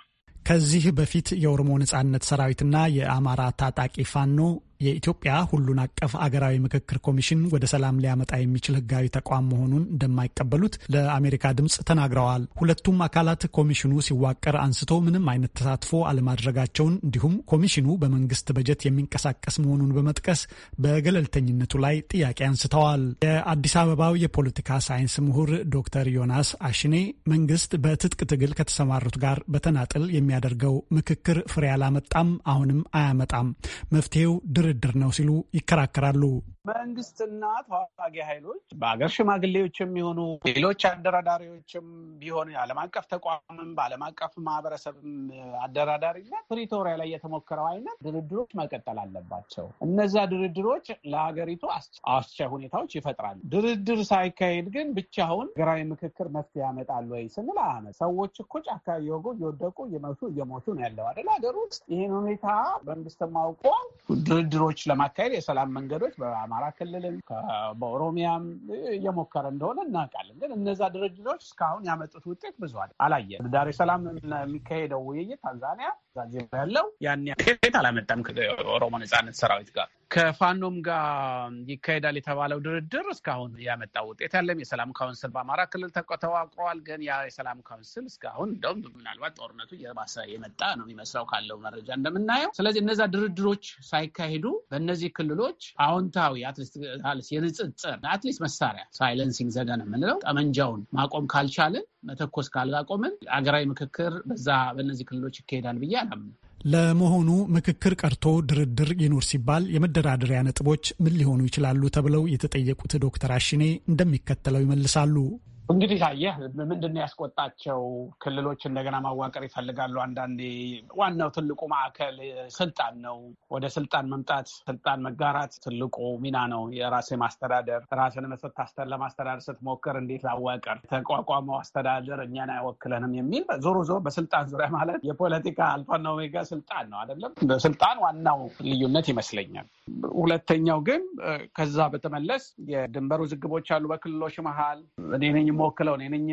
ከዚህ በፊት የኦሮሞ ነጻነት ሰራዊትና የአማራ ታጣቂ ፋኖ የኢትዮጵያ ሁሉን አቀፍ አገራዊ ምክክር ኮሚሽን ወደ ሰላም ሊያመጣ የሚችል ህጋዊ ተቋም መሆኑን እንደማይቀበሉት ለአሜሪካ ድምፅ ተናግረዋል። ሁለቱም አካላት ኮሚሽኑ ሲዋቀር አንስቶ ምንም አይነት ተሳትፎ አለማድረጋቸውን እንዲሁም ኮሚሽኑ በመንግስት በጀት የሚንቀሳቀስ መሆኑን በመጥቀስ በገለልተኝነቱ ላይ ጥያቄ አንስተዋል። የአዲስ አበባው የፖለቲካ ሳይንስ ምሁር ዶክተር ዮናስ አሽኔ መንግስት በትጥቅ ትግል ከተሰማሩት ጋር በተናጥል የሚያደርገው ምክክር ፍሬ አላመጣም፣ አሁንም አያመጣም። መፍትሄው ድር ድርድር ነው ሲሉ ይከራከራሉ። መንግስትና ተዋጊ ኃይሎች በሀገር ሽማግሌዎች የሚሆኑ ሌሎች አደራዳሪዎችም ቢሆን ዓለም አቀፍ ተቋምም በዓለም አቀፍ ማህበረሰብም አደራዳሪነት ፕሪቶሪያ ላይ የተሞከረው አይነት ድርድሮች መቀጠል አለባቸው። እነዛ ድርድሮች ለሀገሪቱ አስቻይ ሁኔታዎች ይፈጥራሉ። ድርድር ሳይካሄድ ግን ብቻውን ሀገራዊ ምክክር መፍትሄ ያመጣል ወይ ስንል አመ ሰዎች እኮ ጫካ እየወጉ እየወደቁ እየመቱ እየሞቱ ነው ያለው አይደል? ሀገር ውስጥ ይህን ሁኔታ መንግስትም አውቆ ድርድሮ ድሎች ለማካሄድ የሰላም መንገዶች በአማራ ክልልም በኦሮሚያም እየሞከረ እንደሆነ እናውቃለን። ግን እነዛ ድርድሮች እስካሁን ያመጡት ውጤት ብዙ አላየንም። ዳር ሰላም የሚካሄደው ውይይት ታንዛኒያ ዛዜ ያለው ያን ውጤት አላመጣም ከኦሮሞ ነጻነት ሰራዊት ጋር ከፋኖም ጋር ይካሄዳል የተባለው ድርድር እስካሁን ያመጣው ውጤት ያለም የሰላም ካውንስል በአማራ ክልል ተዋቅረዋል። ግን ያ የሰላም ካውንስል እስካሁን እንደውም ምናልባት ጦርነቱ እየባሰ የመጣ ነው የሚመስለው ካለው መረጃ እንደምናየው። ስለዚህ እነዛ ድርድሮች ሳይካሄዱ በእነዚህ ክልሎች አዎንታዊ የንጽጽር አትሊስት መሳሪያ ሳይለንሲንግ ዘዴ ነው የምንለው ጠመንጃውን ማቆም ካልቻልን መተኮስ ካላቆምን አገራዊ ምክክር በዛ በእነዚህ ክልሎች ይካሄዳል ብዬ አላምንም። ለመሆኑ ምክክር ቀርቶ ድርድር ይኑር ሲባል የመደራደሪያ ነጥቦች ምን ሊሆኑ ይችላሉ ተብለው የተጠየቁት ዶክተር አሽኔ እንደሚከተለው ይመልሳሉ። እንግዲህ ታየህ ምንድን ያስቆጣቸው ክልሎች እንደገና ማዋቀር ይፈልጋሉ። አንዳንዴ ዋናው ትልቁ ማዕከል ስልጣን ነው። ወደ ስልጣን መምጣት፣ ስልጣን መጋራት ትልቁ ሚና ነው። የራሴ ማስተዳደር ራስን ስታስተር ለማስተዳደር ስትሞክር እንዴት ላዋቀር ተቋቋመው አስተዳደር እኛን አይወክለንም የሚል ዞሮ ዞሮ በስልጣን ዙሪያ ማለት የፖለቲካ አልፋና ኦሜጋ ስልጣን ነው አይደለም። ስልጣን ዋናው ልዩነት ይመስለኛል። ሁለተኛው ግን ከዛ በተመለስ የድንበር ውዝግቦች አሉ። በክልሎች መሀል እኔ ነኝ የምወክለው እኔ ነኝ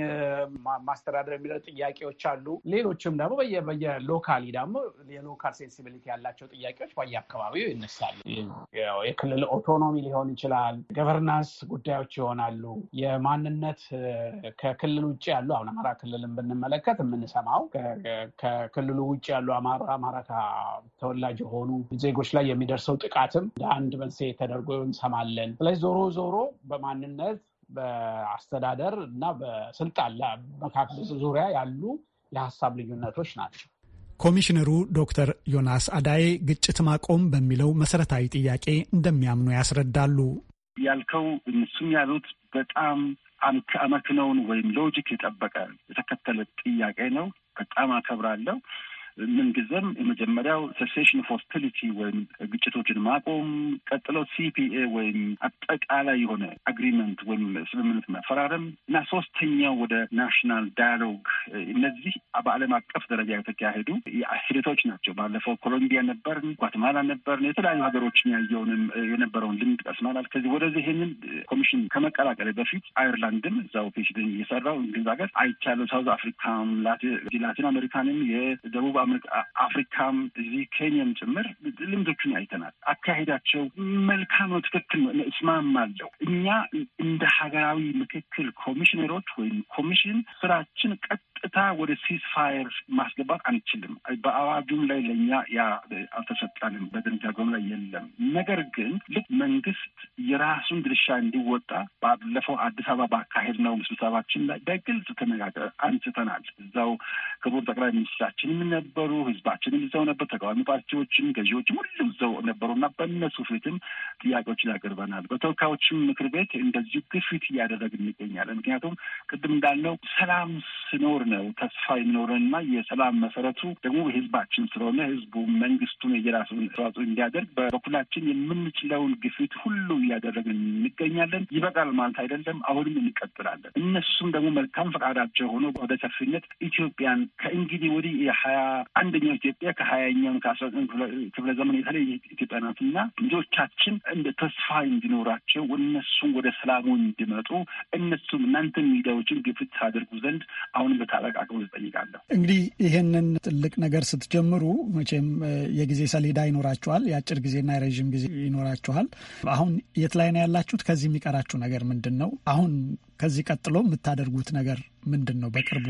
ማስተዳደር የሚለው ጥያቄዎች አሉ። ሌሎችም ደግሞ በየሎካሊ ደግሞ የሎካል ሴንሲቢሊቲ ያላቸው ጥያቄዎች በየአካባቢው ይነሳሉ። የክልል ኦቶኖሚ ሊሆን ይችላል። ገቨርናንስ ጉዳዮች ይሆናሉ። የማንነት ከክልል ውጭ ያሉ አሁን አማራ ክልልን ብንመለከት የምንሰማው ከክልሉ ውጭ ያሉ አማራ ተወላጅ የሆኑ ዜጎች ላይ የሚደርሰው ጥቃት ስም አንድ መንስኤ ተደርጎ እንሰማለን። ስለዚህ ዞሮ ዞሮ በማንነት በአስተዳደር እና በስልጣን መካከል ዙሪያ ያሉ የሀሳብ ልዩነቶች ናቸው። ኮሚሽነሩ ዶክተር ዮናስ አዳዬ ግጭት ማቆም በሚለው መሰረታዊ ጥያቄ እንደሚያምኑ ያስረዳሉ። ያልከው እሱም ያሉት በጣም አመክነውን ወይም ሎጂክ የጠበቀ የተከተለ ጥያቄ ነው። በጣም አከብራለሁ። ምንጊዜም የመጀመሪያው ሴሴሽን ኦፍ ሆስቲሊቲ ወይም ግጭቶችን ማቆም፣ ቀጥለው ሲፒኤ ወይም አጠቃላይ የሆነ አግሪመንት ወይም ስምምነት መፈራረም እና ሶስተኛው ወደ ናሽናል ዳያሎግ እነዚህ በዓለም አቀፍ ደረጃ የተካሄዱ ሂደቶች ናቸው። ባለፈው ኮሎምቢያ ነበርን፣ ጓትማላ ነበርን፣ የተለያዩ ሀገሮችን ያየውንም የነበረውን ልምድ ቀስመናል። ከዚህ ወደዚህ ይህንን ኮሚሽን ከመቀላቀል በፊት አይርላንድም እዛው ፒኤችዲ እየሰራው እንግሊዝ ሀገር አይቻለሁ። ሳውዝ አፍሪካም ላቲን አሜሪካንም የደቡብ ዓመት አፍሪካም እዚህ ኬንያም ጭምር ልምዶቹን አይተናል። አካሄዳቸው መልካም ነው፣ ትክክል ነው፣ እስማማለሁ። እኛ እንደ ሀገራዊ ምክክል ኮሚሽነሮች ወይም ኮሚሽን ስራችን ቀጥታ ወደ ሲስፋየር ማስገባት አንችልም። በአዋጁም ላይ ለእኛ ያ አልተሰጠንም፣ በድንጋጌም ላይ የለም። ነገር ግን ልክ መንግስት የራሱን ድርሻ እንዲወጣ ባለፈው አዲስ አበባ ነው ስብሰባችን ላይ በግልጽ ተነጋገር አንስተናል። እዛው ክቡር ጠቅላይ ሚኒስትራችንም ነበሩ። ህዝባችንም እዛው ነበር። ተቃዋሚ ፓርቲዎችም፣ ገዢዎችም ሁሉም እዛው ነበሩና በእነሱ ፊትም ጥያቄዎችን አቅርበናል። በተወካዮችም ምክር ቤት እንደዚሁ ግፊት እያደረግን እንገኛለን ምክንያቱም ቅድም እንዳልነው ሰላም ስኖር ነው ተስፋ የሚኖረንና የሰላም መሰረቱ ደግሞ ህዝባችን ስለሆነ ህዝቡ መንግስቱን የራሱን አስተዋጽኦ እንዲያደርግ በበኩላችን የምንችለውን ግፊት ሁሉ እያደረግን እንገኛለን። ይበቃል ማለት አይደለም፣ አሁንም እንቀጥላለን። እነሱም ደግሞ መልካም ፈቃዳቸው ሆኖ ወደ ሰፊነት ኢትዮጵያን ከእንግዲህ ወዲህ የሀያ አንደኛው ኢትዮጵያ ከሀያኛው ከአስራ ክፍለ ዘመን የተለየ ኢትዮጵያ ናት እና ልጆቻችን እንደ ተስፋ እንዲኖራቸው እነሱም ወደ ሰላሙ እንዲመጡ እነሱም እናንተ ሚዲያዎችን ግፍት ታደርጉ ዘንድ አሁንም በታላቅ አቅም እጠይቃለሁ። እንግዲህ ይህንን ትልቅ ነገር ስትጀምሩ መቼም የጊዜ ሰሌዳ ይኖራችኋል። የአጭር ጊዜና የረዥም ጊዜ ይኖራችኋል። አሁን የት ላይ ነው ያላችሁት? ከዚህ የሚቀራችሁ ነገር ምንድን ነው? አሁን ከዚህ ቀጥሎ የምታደርጉት ነገር ምንድን ነው በቅርቡ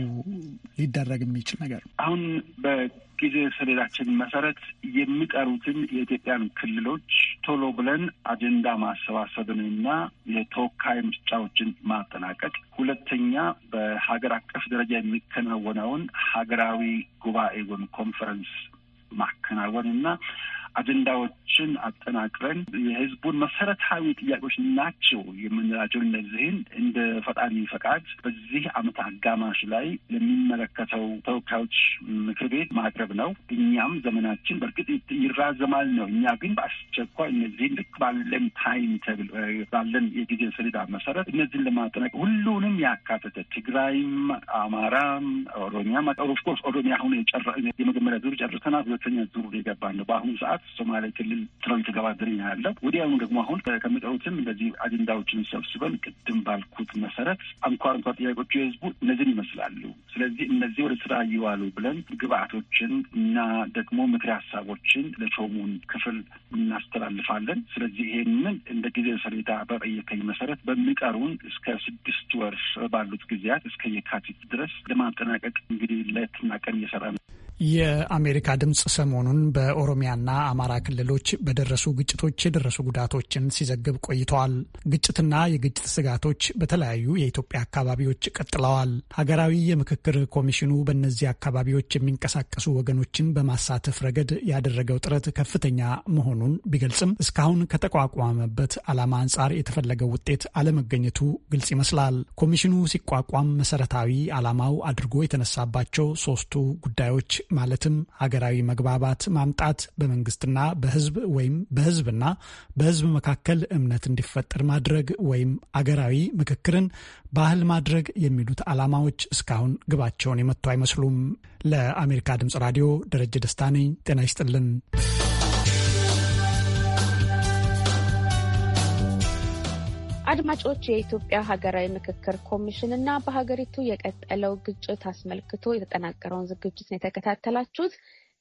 ሊደረግ የሚችል ነገር? አሁን በጊዜ ሰሌዳችን መሰረት የሚቀሩትን የኢትዮጵያን ክልሎች ቶሎ ብለን አጀንዳ ማሰባሰብንና የተወካይ ምርጫዎችን ማጠናቀቅ፣ ሁለተኛ በሀገር አቀፍ ደረጃ የሚከናወነውን ሀገራዊ ጉባኤ ወይም ኮንፈረንስ ማከናወን እና አጀንዳዎችን አጠናቅረን የህዝቡን መሰረታዊ ጥያቄዎች ናቸው የምንላቸው እነዚህን እንደ ፈጣሪ ፈቃድ በዚህ ዓመት አጋማሽ ላይ ለሚመለከተው ተወካዮች ምክር ቤት ማቅረብ ነው። እኛም ዘመናችን በእርግጥ ይራዘማል ነው። እኛ ግን በአስቸኳይ እነዚህን ልክ ባለን ታይም ተብል ባለን የጊዜ ሰሌዳ መሰረት እነዚህን ለማጠናቀ ሁሉንም ያካተተ ትግራይም፣ አማራም፣ ኦሮሚያም ኦፍኮርስ ኦሮሚያ አሁን የመጀመሪያ ዙር ጨርሰናል። ሁለተኛ ዙር የገባ ነው በአሁኑ ሰዓት ለመስራት ሶማሌ ክልል ስራው እየተገባደርን ያለው ወዲያውኑ ደግሞ አሁን ከሚቀሩትም እንደዚህ አጀንዳዎችን ሰብስበን ቅድም ባልኩት መሰረት አንኳር እንኳ ጥያቄዎቹ የህዝቡ እነዚህን ይመስላሉ። ስለዚህ እነዚህ ወደ ስራ እየዋሉ ብለን ግብአቶችን እና ደግሞ ምክር ሀሳቦችን ለሾሙን ክፍል እናስተላልፋለን። ስለዚህ ይሄንን እንደ ጊዜ ሰሌዳ በጠየቀኝ መሰረት በሚቀሩን እስከ ስድስት ወር ባሉት ጊዜያት እስከ የካቲት ድረስ ለማጠናቀቅ እንግዲህ ለትና ቀን እየሰራ ነው። የአሜሪካ ድምፅ ሰሞኑን በኦሮሚያና አማራ ክልሎች በደረሱ ግጭቶች የደረሱ ጉዳቶችን ሲዘግብ ቆይተዋል። ግጭትና የግጭት ስጋቶች በተለያዩ የኢትዮጵያ አካባቢዎች ቀጥለዋል። ሀገራዊ የምክክር ኮሚሽኑ በእነዚህ አካባቢዎች የሚንቀሳቀሱ ወገኖችን በማሳተፍ ረገድ ያደረገው ጥረት ከፍተኛ መሆኑን ቢገልጽም እስካሁን ከተቋቋመበት ዓላማ አንጻር የተፈለገው ውጤት አለመገኘቱ ግልጽ ይመስላል። ኮሚሽኑ ሲቋቋም መሰረታዊ ዓላማው አድርጎ የተነሳባቸው ሶስቱ ጉዳዮች ማለትም ሀገራዊ መግባባት ማምጣት፣ በመንግስትና በህዝብ ወይም በህዝብና በህዝብ መካከል እምነት እንዲፈጠር ማድረግ ወይም አገራዊ ምክክርን ባህል ማድረግ የሚሉት ዓላማዎች እስካሁን ግባቸውን የመቱ አይመስሉም። ለአሜሪካ ድምጽ ራዲዮ ደረጀ ደስታ ነኝ። ጤና ይስጥልን። አድማጮች የኢትዮጵያ ሀገራዊ ምክክር ኮሚሽን እና በሀገሪቱ የቀጠለው ግጭት አስመልክቶ የተጠናቀረውን ዝግጅት ነው የተከታተላችሁት።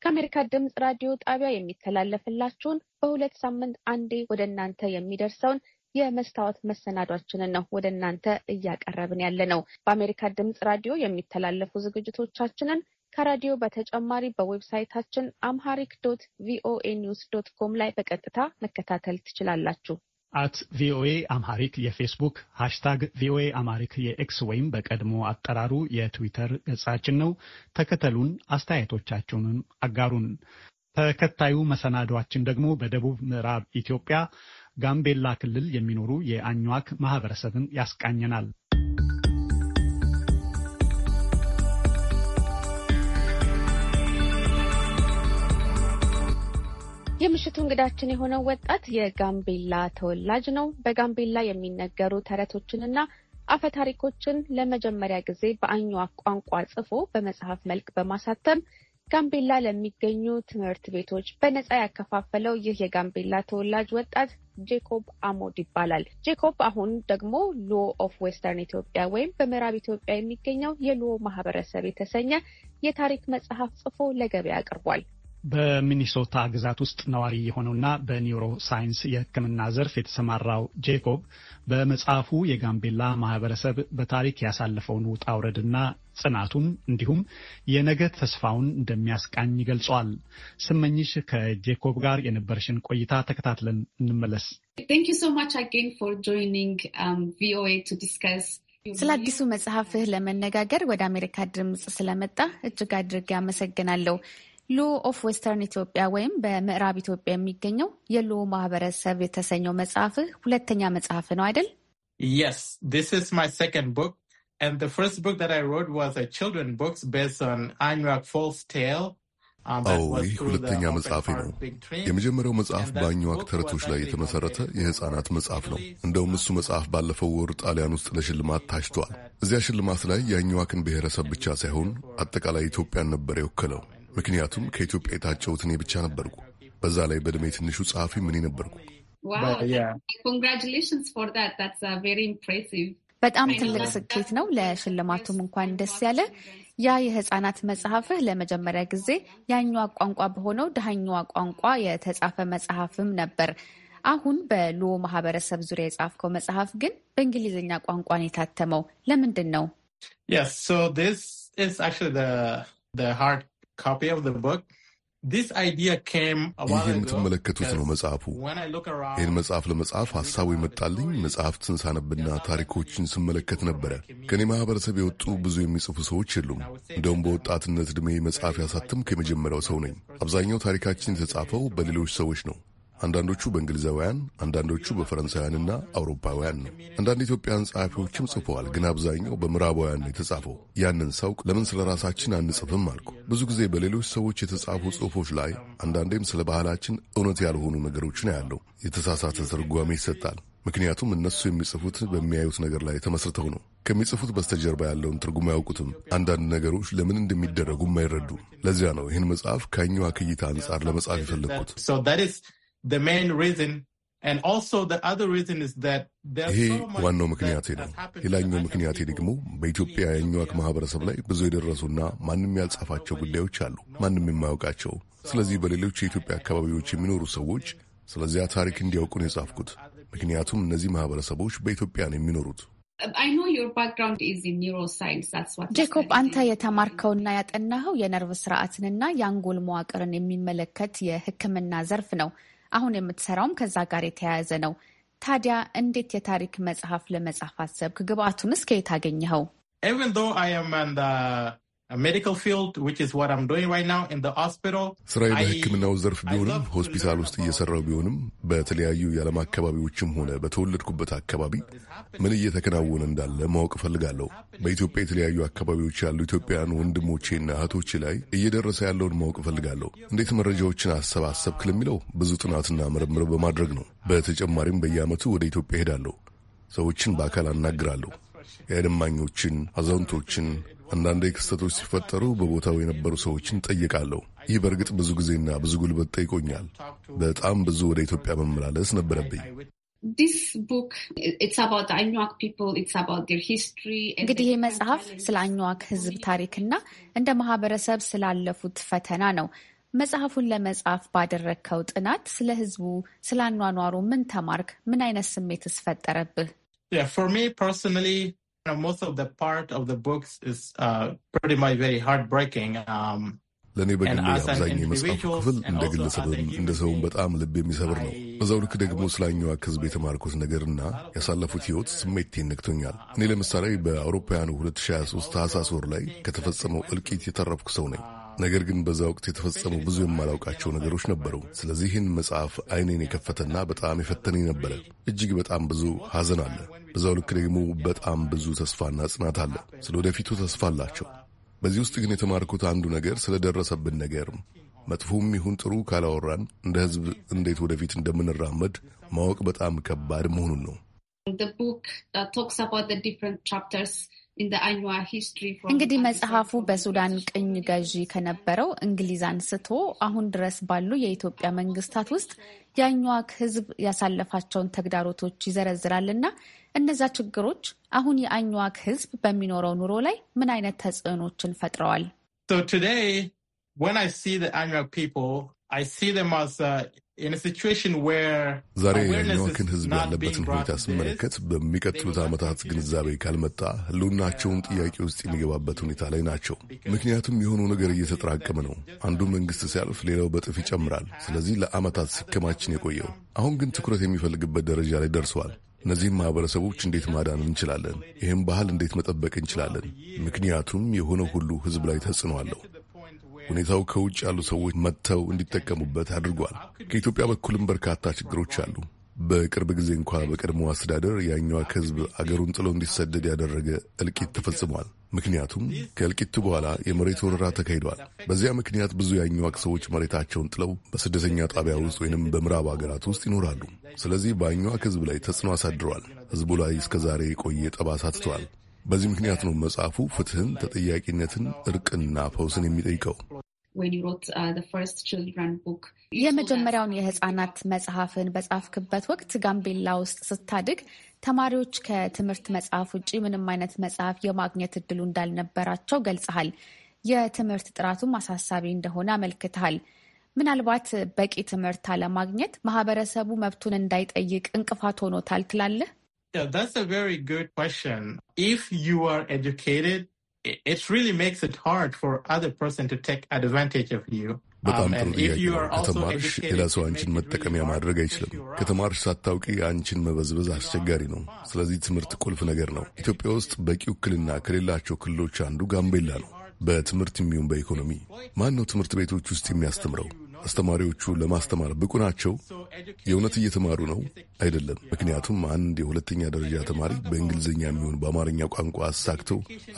ከአሜሪካ ድምፅ ራዲዮ ጣቢያ የሚተላለፍላችሁን በሁለት ሳምንት አንዴ ወደ እናንተ የሚደርሰውን የመስታወት መሰናዷችንን ነው ወደ እናንተ እያቀረብን ያለ ነው። በአሜሪካ ድምፅ ራዲዮ የሚተላለፉ ዝግጅቶቻችንን ከራዲዮ በተጨማሪ በዌብሳይታችን አምሃሪክ ዶት ቪኦኤ ኒውስ ዶት ኮም ላይ በቀጥታ መከታተል ትችላላችሁ። አት ቪኦኤ አምሃሪክ የፌስቡክ ሃሽታግ ቪኦኤ አማሪክ የኤክስ ወይም በቀድሞ አጠራሩ የትዊተር ገጻችን ነው። ተከተሉን፣ አስተያየቶቻችሁንም አጋሩን። ተከታዩ መሰናዷችን ደግሞ በደቡብ ምዕራብ ኢትዮጵያ ጋምቤላ ክልል የሚኖሩ የአኟዋክ ማህበረሰብን ያስቃኘናል። የምሽቱ እንግዳችን የሆነው ወጣት የጋምቤላ ተወላጅ ነው። በጋምቤላ የሚነገሩ ተረቶችንና አፈ ታሪኮችን ለመጀመሪያ ጊዜ በአኟዋክ ቋንቋ ጽፎ በመጽሐፍ መልክ በማሳተም ጋምቤላ ለሚገኙ ትምህርት ቤቶች በነፃ ያከፋፈለው ይህ የጋምቤላ ተወላጅ ወጣት ጄኮብ አሞድ ይባላል። ጄኮብ አሁን ደግሞ ሎ ኦፍ ዌስተርን ኢትዮጵያ ወይም በምዕራብ ኢትዮጵያ የሚገኘው የሎ ማህበረሰብ የተሰኘ የታሪክ መጽሐፍ ጽፎ ለገበያ አቅርቧል። በሚኒሶታ ግዛት ውስጥ ነዋሪ የሆነውና በኒውሮ ሳይንስ የሕክምና ዘርፍ የተሰማራው ጄኮብ በመጽሐፉ የጋምቤላ ማህበረሰብ በታሪክ ያሳለፈውን ውጣ ውረድና ጽናቱን እንዲሁም የነገ ተስፋውን እንደሚያስቃኝ ይገልጸዋል። ስመኝሽ ከጄኮብ ጋር የነበረሽን ቆይታ ተከታትለን እንመለስ። um, ስለ አዲሱ መጽሐፍህ ለመነጋገር ወደ አሜሪካ ድምፅ ስለመጣ እጅግ አድርጌ አመሰግናለሁ። ሎ ኦፍ ዌስተርን ኢትዮጵያ ወይም በምዕራብ ኢትዮጵያ የሚገኘው የሎ ማህበረሰብ የተሰኘው መጽሐፍህ ሁለተኛ መጽሐፍ ነው አይደል? የስ አዎ um, oh, ይህ ሁለተኛ መጽሐፌ ነው። የመጀመሪያው መጽሐፍ በአኝዋክ ተረቶች ላይ የተመሠረተ የሕፃናት መጽሐፍ ነው። እንደውም እሱ መጽሐፍ ባለፈው ወር ጣሊያን ውስጥ ለሽልማት ታጭቷል። እዚያ ሽልማት ላይ የአኝዋክን ብሔረሰብ ብቻ ሳይሆን አጠቃላይ ኢትዮጵያን ነበር የወከለው። ምክንያቱም ከኢትዮጵያ የታጨሁት እኔ ብቻ ነበርኩ። በዛ ላይ በእድሜ ትንሹ ጸሐፊ ምን ነበርኩ። uh, በጣም ትልቅ ስኬት ነው። ለሽልማቱም እንኳን ደስ ያለ። ያ የህፃናት መጽሐፍህ ለመጀመሪያ ጊዜ ያኛዋ ቋንቋ በሆነው ዳኛዋ ቋንቋ የተጻፈ መጽሐፍም ነበር። አሁን በሉዎ ማህበረሰብ ዙሪያ የጻፍከው መጽሐፍ ግን በእንግሊዝኛ ቋንቋን የታተመው ለምንድን ነው? ይህ የምትመለከቱት ነው መጽሐፉ። ይህን መጽሐፍ ለመጽሐፍ ሐሳቡ ይመጣልኝ መጽሐፍትን ሳነብና ታሪኮችን ስመለከት ነበረ። ከእኔ ማህበረሰብ የወጡ ብዙ የሚጽፉ ሰዎች የሉም። እንደውም በወጣትነት ዕድሜ መጽሐፍ ያሳተምኩ የመጀመሪያው ሰው ነኝ። አብዛኛው ታሪካችን የተጻፈው በሌሎች ሰዎች ነው። አንዳንዶቹ በእንግሊዛውያን፣ አንዳንዶቹ በፈረንሳውያንና አውሮፓውያን ነው። አንዳንድ ኢትዮጵያውያን ጸሐፊዎችም ጽፈዋል፣ ግን አብዛኛው በምዕራባውያን ነው የተጻፈው። ያንን ሳውቅ ለምን ስለ ራሳችን አንጽፍም አልኩ። ብዙ ጊዜ በሌሎች ሰዎች የተጻፉ ጽሑፎች ላይ አንዳንዴም ስለ ባህላችን እውነት ያልሆኑ ነገሮችን ያለው የተሳሳተ ትርጓሜ ይሰጣል። ምክንያቱም እነሱ የሚጽፉት በሚያዩት ነገር ላይ ተመስርተው ነው። ከሚጽፉት በስተጀርባ ያለውን ትርጉም አያውቁትም። አንዳንድ ነገሮች ለምን እንደሚደረጉም አይረዱም። ለዚያ ነው ይህን መጽሐፍ ከኛዋ ክይታ አንጻር ለመጻፍ የፈለግኩት። ይሄ ዋናው ምክንያቴ ነው። ሌላኛው ምክንያቴ ደግሞ በኢትዮጵያ የእኛዋክ ማህበረሰብ ላይ ብዙ የደረሱና ማንም ያልጻፋቸው ጉዳዮች አሉ፣ ማንም የማያውቃቸው። ስለዚህ በሌሎች የኢትዮጵያ አካባቢዎች የሚኖሩ ሰዎች ስለዚያ ታሪክ እንዲያውቁ ነው የጻፍኩት። ምክንያቱም እነዚህ ማህበረሰቦች በኢትዮጵያ ነው የሚኖሩት። ጄኮብ አንተ የተማርከውና ያጠናኸው የነርቭ ስርዓትንና የአንጎል መዋቅርን የሚመለከት የሕክምና ዘርፍ ነው። አሁን የምትሰራውም ከዛ ጋር የተያያዘ ነው። ታዲያ እንዴት የታሪክ መጽሐፍ ለመጻፍ አሰብክ? ግብአቱንስ ከየት አገኘኸው? ስራዬ በሕክምናው ዘርፍ ቢሆንም ሆስፒታል ውስጥ እየሰራው ቢሆንም በተለያዩ የዓለም አካባቢዎችም ሆነ በተወለድኩበት አካባቢ ምን እየተከናወነ እንዳለ ማወቅ እፈልጋለሁ። በኢትዮጵያ የተለያዩ አካባቢዎች ያሉ ኢትዮጵያውያን ወንድሞቼና እህቶቼ ላይ እየደረሰ ያለውን ማወቅ እፈልጋለሁ። እንዴት መረጃዎችን አሰባሰብክ ለሚለው ብዙ ጥናትና ምርምር በማድረግ ነው። በተጨማሪም በየዓመቱ ወደ ኢትዮጵያ እሄዳለሁ። ሰዎችን በአካል አናግራለሁ። የደማኞችን፣ አዛውንቶችን አንዳንዴ ክስተቶች ሲፈጠሩ በቦታው የነበሩ ሰዎችን ጠይቃለሁ። ይህ በእርግጥ ብዙ ጊዜና ብዙ ጉልበት ጠይቆኛል። በጣም ብዙ ወደ ኢትዮጵያ መመላለስ ነበረብኝ። እንግዲህ ይህ መጽሐፍ ስለ አኝዋክ ሕዝብ ታሪክና እንደ ማህበረሰብ ስላለፉት ፈተና ነው። መጽሐፉን ለመጻፍ ባደረግከው ጥናት ስለ ሕዝቡ ስለ አኗኗሩ ምን ተማርክ? ምን አይነት ስሜት ስፈጠረብህ? Uh, most of the part of the books is uh, pretty much very heartbreaking. Um, ለእኔ በግሌ አብዛኛው የመጽሐፉ ክፍል እንደ ግለሰብም እንደ ሰውም በጣም ልብ የሚሰብር ነው። በዛው ልክ ደግሞ ስላኛዋ ሕዝብ የተማርኩት ነገርና ያሳለፉት ህይወት ስሜቴን ነክቶኛል። እኔ ለምሳሌ በአውሮፓውያኑ 2023 ታህሳስ ወር ላይ ከተፈጸመው እልቂት የተረፍኩ ሰው ነኝ። ነገር ግን በዛ ወቅት የተፈጸሙ ብዙ የማላውቃቸው ነገሮች ነበሩ። ስለዚህ ይህን መጽሐፍ አይኔን የከፈተና በጣም የፈተነኝ ነበረ። እጅግ በጣም ብዙ ሀዘን አለ። በዛው ልክ ደግሞ በጣም ብዙ ተስፋና ጽናት አለ። ስለ ወደፊቱ ተስፋ አላቸው። በዚህ ውስጥ ግን የተማርኩት አንዱ ነገር ስለደረሰብን ነገር መጥፎም ይሁን ጥሩ ካላወራን እንደ ሕዝብ እንዴት ወደፊት እንደምንራመድ ማወቅ በጣም ከባድ መሆኑን ነው። እንግዲህ መጽሐፉ በሱዳን ቅኝ ገዢ ከነበረው እንግሊዝ አንስቶ አሁን ድረስ ባሉ የኢትዮጵያ መንግስታት ውስጥ የአኟዋክ ህዝብ ያሳለፋቸውን ተግዳሮቶች ይዘረዝራልና እነዛ ችግሮች አሁን የአኝዋክ ህዝብ በሚኖረው ኑሮ ላይ ምን አይነት ተጽዕኖችን ፈጥረዋል? Uh, ዛሬ የአኝዋክን ህዝብ ያለበትን ሁኔታ ስመለከት በሚቀጥሉት ዓመታት ግንዛቤ ካልመጣ ህልውናቸውን ጥያቄ ውስጥ የሚገባበት ሁኔታ ላይ ናቸው። ምክንያቱም የሆነው ነገር እየተጠራቀመ ነው። አንዱ መንግስት ሲያልፍ፣ ሌላው በጥፍ ይጨምራል። ስለዚህ ለዓመታት ሲከማችን የቆየው አሁን ግን ትኩረት የሚፈልግበት ደረጃ ላይ ደርሰዋል። እነዚህን ማህበረሰቦች እንዴት ማዳን እንችላለን? ይህም ባህል እንዴት መጠበቅ እንችላለን? ምክንያቱም የሆነ ሁሉ ህዝብ ላይ ተጽዕኖ አለው። ሁኔታው ከውጭ ያሉ ሰዎች መጥተው እንዲጠቀሙበት አድርጓል። ከኢትዮጵያ በኩልም በርካታ ችግሮች አሉ። በቅርብ ጊዜ እንኳ በቀድሞ አስተዳደር የአኟዋክ ህዝብ አገሩን ጥሎ እንዲሰደድ ያደረገ እልቂት ተፈጽሟል። ምክንያቱም ከእልቂቱ በኋላ የመሬት ወረራ ተካሂዷል። በዚያ ምክንያት ብዙ ያኛዋክ ሰዎች መሬታቸውን ጥለው በስደተኛ ጣቢያ ውስጥ ወይንም በምዕራብ ሀገራት ውስጥ ይኖራሉ። ስለዚህ በአኛዋክ ህዝብ ላይ ተጽዕኖ አሳድረዋል። ህዝቡ ላይ እስከዛሬ የቆየ ጠባሳ ትተዋል። በዚህ ምክንያት ነው መጽሐፉ ፍትህን፣ ተጠያቂነትን፣ እርቅንና ፈውስን የሚጠይቀው። Uh, የመጀመሪያውን የህፃናት መጽሐፍን በጻፍክበት ወቅት ጋምቤላ ውስጥ ስታድግ ተማሪዎች ከትምህርት መጽሐፍ ውጭ ምንም አይነት መጽሐፍ የማግኘት እድሉ እንዳልነበራቸው ገልጸሃል። የትምህርት ጥራቱም አሳሳቢ እንደሆነ አመልክተሃል። ምናልባት በቂ ትምህርት አለማግኘት ማህበረሰቡ መብቱን እንዳይጠይቅ እንቅፋት ሆኖታል ትላለህ? it really makes it hard for other person to take advantage of you. በጣም ጥሩ ጥያቄ ነው። ከተማርሽ ሌላ ሰው አንቺን መጠቀሚያ ማድረግ አይችልም። ከተማርሽ ሳታውቂ አንቺን መበዝበዝ አስቸጋሪ ነው። ስለዚህ ትምህርት ቁልፍ ነገር ነው። ኢትዮጵያ ውስጥ በቂ ውክልና ከሌላቸው ክልሎች አንዱ ጋምቤላ ነው። በትምህርት የሚሆን በኢኮኖሚ ማን ነው ትምህርት ቤቶች ውስጥ የሚያስተምረው? አስተማሪዎቹ ለማስተማር ብቁ ናቸው? የእውነት እየተማሩ ነው አይደለም? ምክንያቱም አንድ የሁለተኛ ደረጃ ተማሪ በእንግሊዝኛ የሚሆን በአማርኛ ቋንቋ አሳክቶ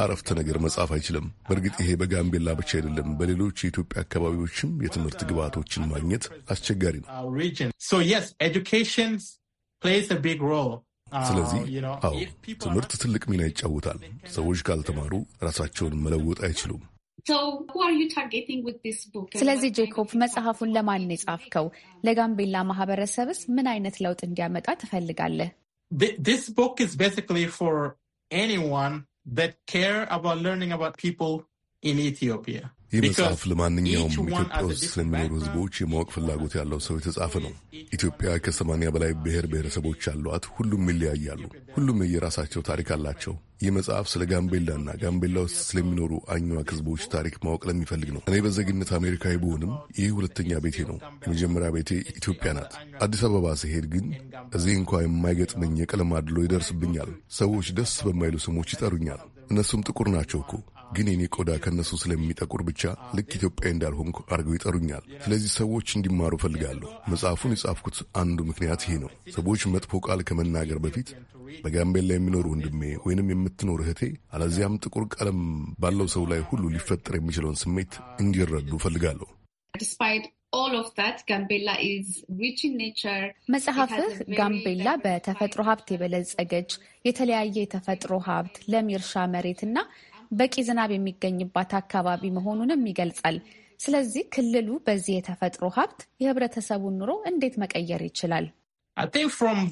አረፍተ ነገር መጻፍ አይችልም። በእርግጥ ይሄ በጋምቤላ ብቻ አይደለም፣ በሌሎች የኢትዮጵያ አካባቢዎችም የትምህርት ግብዓቶችን ማግኘት አስቸጋሪ ነው። uh, ስለዚህ አዎ፣ ትምህርት ትልቅ ሚና ይጫወታል። ሰዎች ካልተማሩ ራሳቸውን መለወጥ አይችሉም። ስለዚህ ጄኮብ መጽሐፉን ለማን የጻፍከው? ለጋምቤላ ማህበረሰብስ ምን አይነት ለውጥ እንዲያመጣ ትፈልጋለህ? This book is basically for anyone that care about learning about people in Ethiopia. ይህ መጽሐፍ ለማንኛውም ኢትዮጵያ ውስጥ ስለሚኖሩ ህዝቦች የማወቅ ፍላጎት ያለው ሰው የተጻፈ ነው። ኢትዮጵያ ከሰማንያ በላይ ብሔር ብሔረሰቦች ያሏት ሁሉም ይለያያሉ። ሁሉም የራሳቸው ታሪክ አላቸው። ይህ መጽሐፍ ስለ ጋምቤላና ጋምቤላ ውስጥ ስለሚኖሩ አኟክ ሕዝቦች ታሪክ ማወቅ ለሚፈልግ ነው። እኔ በዜግነት አሜሪካዊ ብሆንም ይህ ሁለተኛ ቤቴ ነው። የመጀመሪያ ቤቴ ኢትዮጵያ ናት። አዲስ አበባ ስሄድ ግን እዚህ እንኳ የማይገጥመኝ የቀለም አድሎ ይደርስብኛል። ሰዎች ደስ በማይሉ ስሞች ይጠሩኛል። እነሱም ጥቁር ናቸው እኮ ግን የኔ ቆዳ ከነሱ ስለሚጠቁር ብቻ ልክ ኢትዮጵያዊ እንዳልሆንኩ አድርገው ይጠሩኛል። ስለዚህ ሰዎች እንዲማሩ ፈልጋለሁ። መጽሐፉን የጻፍኩት አንዱ ምክንያት ይሄ ነው። ሰዎች መጥፎ ቃል ከመናገር በፊት በጋምቤላ የሚኖር ወንድሜ ወይንም የምትኖር እህቴ፣ አለዚያም ጥቁር ቀለም ባለው ሰው ላይ ሁሉ ሊፈጠር የሚችለውን ስሜት እንዲረዱ ፈልጋለሁ። መጽሐፍህ ጋምቤላ በተፈጥሮ ሀብት የበለጸገች የተለያየ የተፈጥሮ ሀብት፣ ለም የእርሻ መሬት እና በቂ ዝናብ የሚገኝባት አካባቢ መሆኑንም ይገልጻል። ስለዚህ ክልሉ በዚህ የተፈጥሮ ሀብት የህብረተሰቡን ኑሮ እንዴት መቀየር ይችላል? Uh, uh,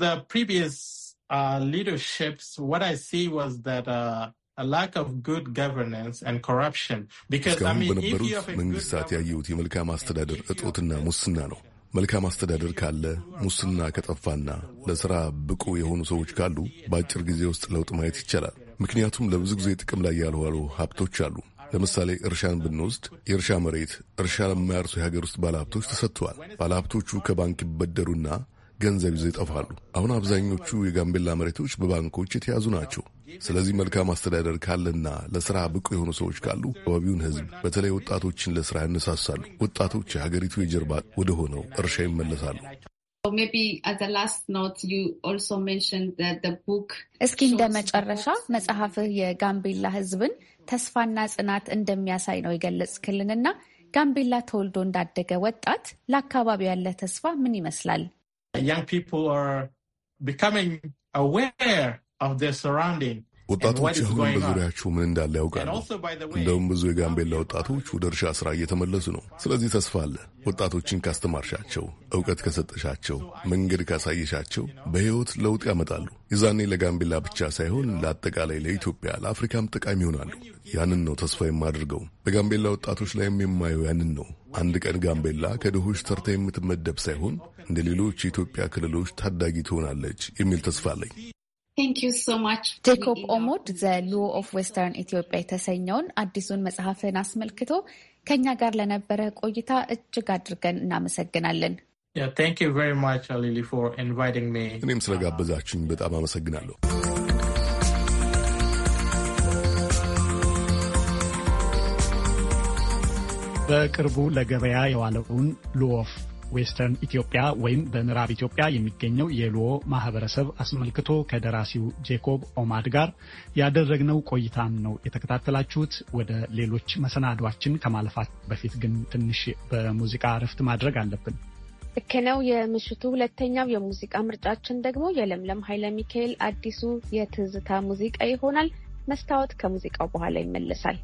እስካሁን በነበሩት መንግስታት ያየሁት የመልካም አስተዳደር እጦትና ሙስና ነው። መልካም አስተዳደር ካለ፣ ሙስና ከጠፋና ለስራ ብቁ የሆኑ ሰዎች ካሉ በአጭር ጊዜ ውስጥ ለውጥ ማየት ይቻላል። ምክንያቱም ለብዙ ጊዜ ጥቅም ላይ ያልዋሉ ሀብቶች አሉ። ለምሳሌ እርሻን ብንወስድ የእርሻ መሬት እርሻ ለማያርሱ የሀገር ውስጥ ባለሀብቶች ተሰጥተዋል። ባለሀብቶቹ ከባንክ ይበደሩና ገንዘብ ይዘው ይጠፋሉ። አሁን አብዛኞቹ የጋምቤላ መሬቶች በባንኮች የተያዙ ናቸው። ስለዚህ መልካም አስተዳደር ካለና ለስራ ብቁ የሆኑ ሰዎች ካሉ አካባቢውን ሕዝብ በተለይ ወጣቶችን ለስራ ያነሳሳሉ። ወጣቶች የሀገሪቱ የጀርባ ወደሆነው እርሻ ይመለሳሉ። እስኪ እንደ መጨረሻ መጽሐፍህ የጋምቤላ ህዝብን ተስፋና ጽናት እንደሚያሳይ ነው የገለጽክልንና ጋምቤላ ተወልዶ እንዳደገ ወጣት ለአካባቢው ያለ ተስፋ ምን ይመስላል? young people are becoming aware of their surrounding ወጣቶች አሁን በዙሪያችሁ ምን እንዳለ ያውቃሉ። እንደውም ብዙ የጋምቤላ ወጣቶች ወደ እርሻ ስራ እየተመለሱ ነው። ስለዚህ ተስፋ አለ። ወጣቶችን ካስተማርሻቸው፣ እውቀት ከሰጠሻቸው፣ መንገድ ካሳየሻቸው በህይወት ለውጥ ያመጣሉ። የዛኔ ለጋምቤላ ብቻ ሳይሆን ለአጠቃላይ ለኢትዮጵያ፣ ለአፍሪካም ጠቃሚ ይሆናሉ። ያንን ነው ተስፋ የማደርገው። በጋምቤላ ወጣቶች ላይም የማየው ያንን ነው። አንድ ቀን ጋምቤላ ከድሆች ተርታ የምትመደብ ሳይሆን እንደ ሌሎች የኢትዮጵያ ክልሎች ታዳጊ ትሆናለች የሚል ተስፋ አለኝ። ጄኮብ ኦሞድ ዘ ሉዎ ኦፍ ዌስተርን ኢትዮጵያ የተሰኘውን አዲሱን መጽሐፍን አስመልክቶ ከእኛ ጋር ለነበረ ቆይታ እጅግ አድርገን እናመሰግናለን። እኔም ስለጋበዛችን በጣም አመሰግናለሁ። በቅርቡ ለገበያ የዋለውን ሉዎ ኦፍ ዌስተርን ኢትዮጵያ ወይም በምዕራብ ኢትዮጵያ የሚገኘው የልዎ ማህበረሰብ አስመልክቶ ከደራሲው ጄኮብ ኦማድ ጋር ያደረግነው ቆይታን ነው የተከታተላችሁት። ወደ ሌሎች መሰናዷችን ከማለፋት በፊት ግን ትንሽ በሙዚቃ እረፍት ማድረግ አለብን። ልክ ነው። የምሽቱ ሁለተኛው የሙዚቃ ምርጫችን ደግሞ የለምለም ኃይለ ሚካኤል አዲሱ የትዝታ ሙዚቃ ይሆናል። መስታወት ከሙዚቃው በኋላ ይመለሳል።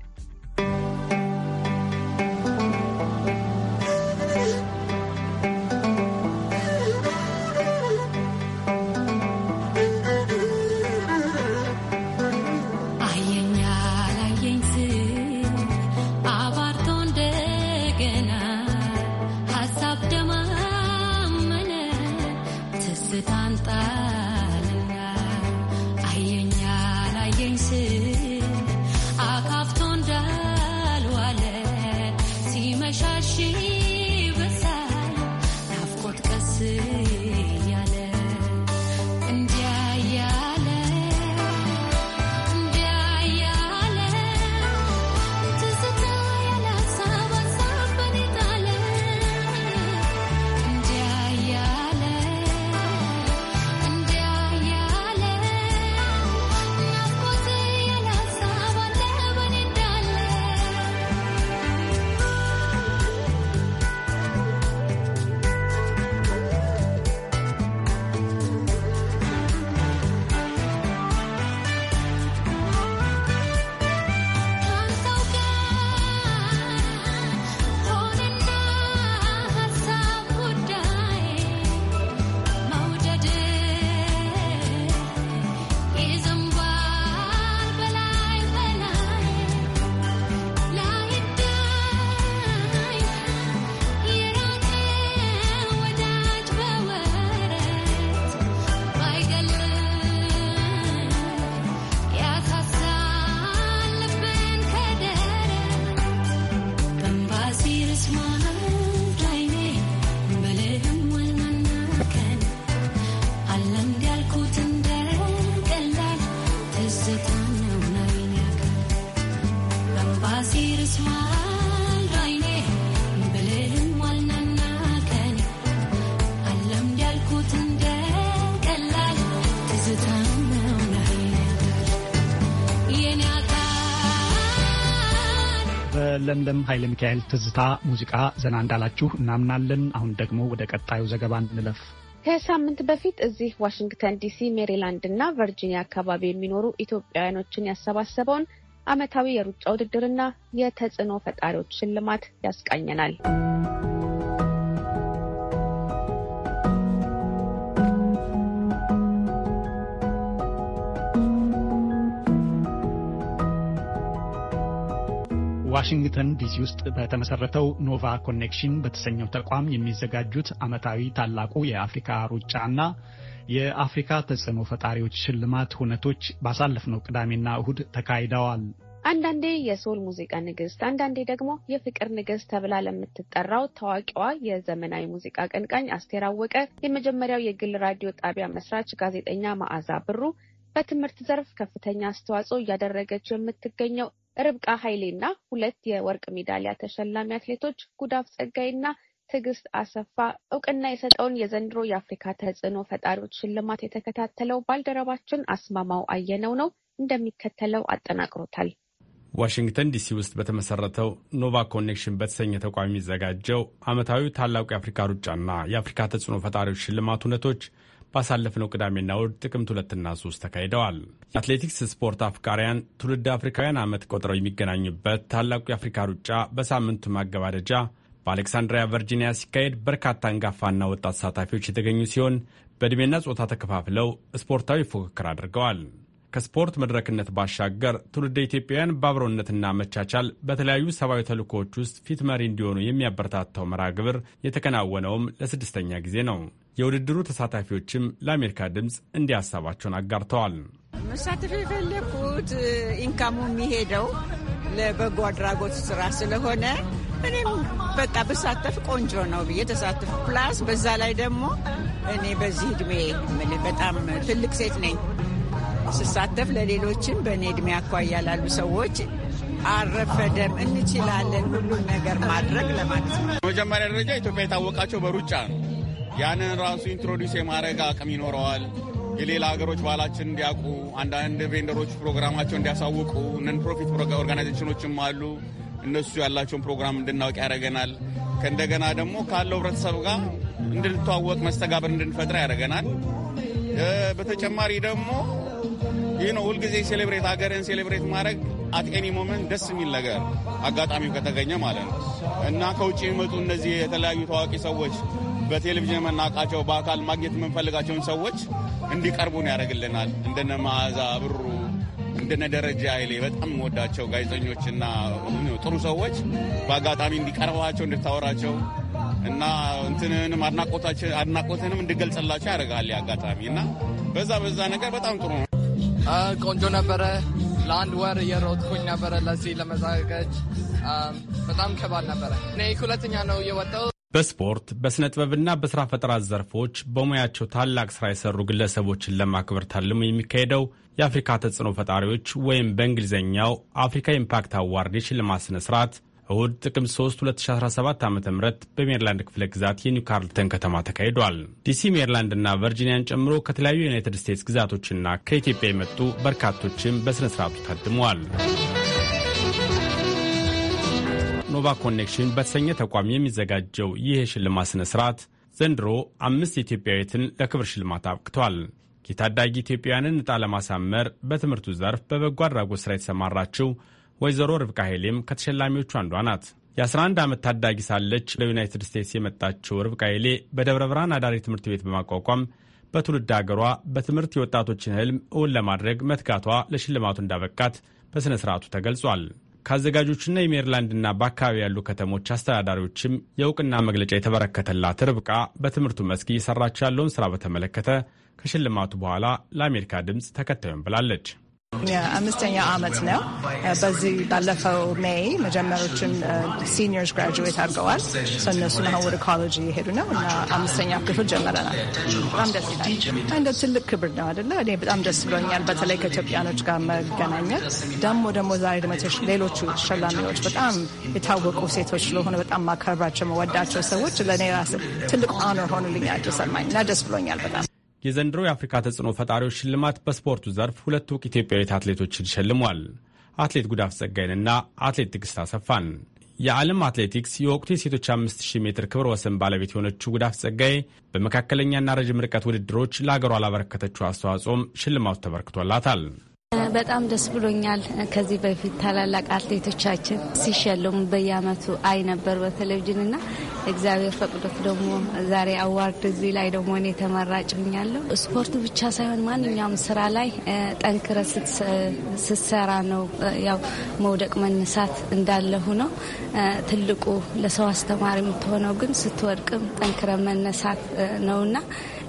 ለምለም ኃይለ ሚካኤል ትዝታ ሙዚቃ ዘና እንዳላችሁ እናምናለን። አሁን ደግሞ ወደ ቀጣዩ ዘገባ እንለፍ። ከሳምንት በፊት እዚህ ዋሽንግተን ዲሲ፣ ሜሪላንድ እና ቨርጂኒያ አካባቢ የሚኖሩ ኢትዮጵያውያኖችን ያሰባሰበውን ዓመታዊ የሩጫ ውድድርና የተጽዕኖ ፈጣሪዎች ሽልማት ያስቃኘናል። ዋሽንግተን ዲሲ ውስጥ በተመሰረተው ኖቫ ኮኔክሽን በተሰኘው ተቋም የሚዘጋጁት ዓመታዊ ታላቁ የአፍሪካ ሩጫ እና የአፍሪካ ተጽዕኖ ፈጣሪዎች ሽልማት ሁነቶች ባሳለፍነው ቅዳሜና እሁድ ተካሂደዋል። አንዳንዴ የሶል ሙዚቃ ንግስት፣ አንዳንዴ ደግሞ የፍቅር ንግስት ተብላ ለምትጠራው ታዋቂዋ የዘመናዊ ሙዚቃ አቀንቃኝ አስቴር አወቀ፣ የመጀመሪያው የግል ራዲዮ ጣቢያ መስራች ጋዜጠኛ መዓዛ ብሩ፣ በትምህርት ዘርፍ ከፍተኛ አስተዋጽኦ እያደረገች የምትገኘው ርብቃ ኃይሌና ሁለት የወርቅ ሜዳሊያ ተሸላሚ አትሌቶች ጉዳፍ ጸጋይና ትዕግስት አሰፋ እውቅና የሰጠውን የዘንድሮ የአፍሪካ ተጽዕኖ ፈጣሪዎች ሽልማት የተከታተለው ባልደረባችን አስማማው አየነው ነው እንደሚከተለው አጠናቅሮታል። ዋሽንግተን ዲሲ ውስጥ በተመሰረተው ኖቫ ኮኔክሽን በተሰኘ ተቋም የሚዘጋጀው ዓመታዊ ታላቁ የአፍሪካ ሩጫና የአፍሪካ ተጽዕኖ ፈጣሪዎች ሽልማት እውነቶች ባሳለፍነው ቅዳሜና እሁድ ጥቅምት ሁለትና ሶስት ተካሂደዋል። የአትሌቲክስ ስፖርት አፍቃሪያን ትውልድ አፍሪካውያን ዓመት ቆጥረው የሚገናኙበት ታላቁ የአፍሪካ ሩጫ በሳምንቱ ማገባደጃ በአሌክሳንድሪያ ቨርጂኒያ ሲካሄድ በርካታ አንጋፋና ወጣት ተሳታፊዎች የተገኙ ሲሆን በዕድሜና ጾታ ተከፋፍለው ስፖርታዊ ፉክክር አድርገዋል። ከስፖርት መድረክነት ባሻገር ትውልደ ኢትዮጵያውያን በአብሮነትና መቻቻል በተለያዩ ሰብአዊ ተልእኮዎች ውስጥ ፊት መሪ እንዲሆኑ የሚያበረታታው መርሃ ግብር የተከናወነውም ለስድስተኛ ጊዜ ነው። የውድድሩ ተሳታፊዎችም ለአሜሪካ ድምፅ እንዲህ ሀሳባቸውን አጋርተዋል። መሳተፍ የፈለኩት ኢንካሙ የሚሄደው ለበጎ አድራጎት ስራ ስለሆነ እኔም በቃ ብሳተፍ ቆንጆ ነው ብዬ ተሳተፍ። ፕላስ በዛ ላይ ደግሞ እኔ በዚህ እድሜ በጣም ትልቅ ሴት ነኝ። ስሳተፍ ለሌሎችም በእኔ እድሜ አኳያ ላሉ ሰዎች አረፈደም እንችላለን ሁሉን ነገር ማድረግ ለማለት ነው። መጀመሪያ ደረጃ ኢትዮጵያ የታወቃቸው በሩጫ ነው። ያንን ራሱ ኢንትሮዲስ የማድረግ አቅም ይኖረዋል። የሌላ ሀገሮች ባህላችን እንዲያውቁ አንዳንድ ቬንደሮች ፕሮግራማቸው እንዲያሳውቁ ነን ፕሮፊት ኦርጋናይዜሽኖችም አሉ። እነሱ ያላቸውን ፕሮግራም እንድናውቅ ያደረገናል። ከእንደገና ደግሞ ካለው ህብረተሰብ ጋር እንድንተዋወቅ መስተጋብር እንድንፈጥር ያደረገናል። በተጨማሪ ደግሞ ይህ ነው ሁልጊዜ ሴሌብሬት ሀገርን ሴሌብሬት ማድረግ አትኤኒ ሞመንት ደስ የሚል ነገር አጋጣሚው ከተገኘ ማለት ነው እና ከውጭ የሚመጡ እነዚህ የተለያዩ ታዋቂ ሰዎች በቴሌቪዥን የምናውቃቸው በአካል ማግኘት የምንፈልጋቸውን ሰዎች እንዲቀርቡን ያደርግልናል። እንደነ መዓዛ ብሩ፣ እንደነ ደረጃ ኃይሌ በጣም የምወዳቸው ጋዜጠኞችና ጥሩ ሰዎች በአጋጣሚ እንዲቀርባቸው እንድታወራቸው እና እንትንንም አድናቆትንም እንድገልጽላቸው ያደርጋል አጋጣሚ እና በዛ በዛ ነገር በጣም ጥሩ ነው። ቆንጆ ነበረ። ለአንድ ወር እየሮጥኩኝ ነበረ ለዚህ ለመዘጋጀት በጣም ከባድ ነበረ። እኔ ሁለተኛ ነው እየወጣው በስፖርት በሥነ ጥበብና በሥራ ፈጠራ ዘርፎች በሙያቸው ታላቅ ሥራ የሰሩ ግለሰቦችን ለማክበር ታልሞ የሚካሄደው የአፍሪካ ተጽዕኖ ፈጣሪዎች ወይም በእንግሊዝኛው አፍሪካ ኢምፓክት አዋርድ የሽልማት ሥነ ሥርዓት እሁድ ጥቅምት 3 2017 ዓ ም በሜሪላንድ ክፍለ ግዛት የኒው ካርልተን ከተማ ተካሂዷል። ዲሲ፣ ሜሪላንድና ቨርጂኒያን ጨምሮ ከተለያዩ የዩናይትድ ስቴትስ ግዛቶችና ከኢትዮጵያ የመጡ በርካቶችም በሥነ ሥርዓቱ ታድመዋል። ኖቫ ኮኔክሽን በተሰኘ ተቋም የሚዘጋጀው ይህ የሽልማት ሥነ ሥርዓት ዘንድሮ አምስት ኢትዮጵያዊትን ለክብር ሽልማት አብቅቷል። የታዳጊ ኢትዮጵያውያንን እጣ ለማሳመር በትምህርቱ ዘርፍ በበጎ አድራጎት ሥራ የተሰማራችው ወይዘሮ ርብቃ ሄሌም ከተሸላሚዎቹ አንዷ ናት። የ11 ዓመት ታዳጊ ሳለች ለዩናይትድ ስቴትስ የመጣችው ርብቃ ሄሌ በደብረ ብርሃን አዳሪ ትምህርት ቤት በማቋቋም በትውልድ አገሯ በትምህርት የወጣቶችን ህልም እውን ለማድረግ መትጋቷ ለሽልማቱ እንዳበቃት በሥነ ሥርዓቱ ተገልጿል። ከአዘጋጆችና የሜሪላንድና በአካባቢ ያሉ ከተሞች አስተዳዳሪዎችም የእውቅና መግለጫ የተበረከተላት ርብቃ በትምህርቱ መስክ እየሰራች ያለውን ስራ በተመለከተ ከሽልማቱ በኋላ ለአሜሪካ ድምፅ ተከታዩን ብላለች። የአምስተኛ አመት ነው። በዚህ ባለፈው ሜይ መጀመሪያዎቹን ሲኒየርስ ግራጁዌት አድርገዋል። እነሱን አሁን ወደ ኮሌጅ እየሄዱ ነው እና አምስተኛ ክፍል ጀመረናል። በጣም ደስ ይላል። እንደ ትልቅ ክብር ነው አደለ? እኔ በጣም ደስ ብሎኛል። በተለይ ከኢትዮጵያኖች ጋር መገናኘት ደግሞ ደግሞ ዛሬ ደግሞ ሌሎቹ ሸላሚዎች በጣም የታወቁ ሴቶች ስለሆነ በጣም ማከብራቸው መወዳቸው ሰዎች ለእኔ ራስ ትልቅ አኖር ሆኑልኛል ተሰማኝ እና ደስ ብሎኛል በጣም የዘንድሮ የአፍሪካ ተጽዕኖ ፈጣሪዎች ሽልማት በስፖርቱ ዘርፍ ሁለት እውቅ ኢትዮጵያዊት አትሌቶችን ሸልሟል። አትሌት ጉዳፍ ጸጋይንና አትሌት ትግስት አሰፋን። የዓለም አትሌቲክስ የወቅቱ የሴቶች 5000 ሜትር ክብረ ወሰን ባለቤት የሆነችው ጉዳፍ ጸጋይ በመካከለኛና ረዥም ርቀት ውድድሮች ለአገሯ ላበረከተችው አስተዋጽኦም ሽልማቱ ተበርክቶላታል። በጣም ደስ ብሎኛል። ከዚህ በፊት ታላላቅ አትሌቶቻችን ሲሸለሙ በየአመቱ አይ ነበር በቴሌቪዥንና እግዚአብሔር ፈቅዶት ደግሞ ዛሬ አዋርድ እዚህ ላይ ደግሞ እኔ ተመራጭ ሆኛለሁ። ስፖርቱ ብቻ ሳይሆን ማንኛውም ስራ ላይ ጠንክረ ስትሰራ ነው ያው መውደቅ መነሳት እንዳለ ሆኖ ትልቁ ለሰው አስተማሪ የምትሆነው ግን ስትወድቅም ጠንክረ መነሳት ነውና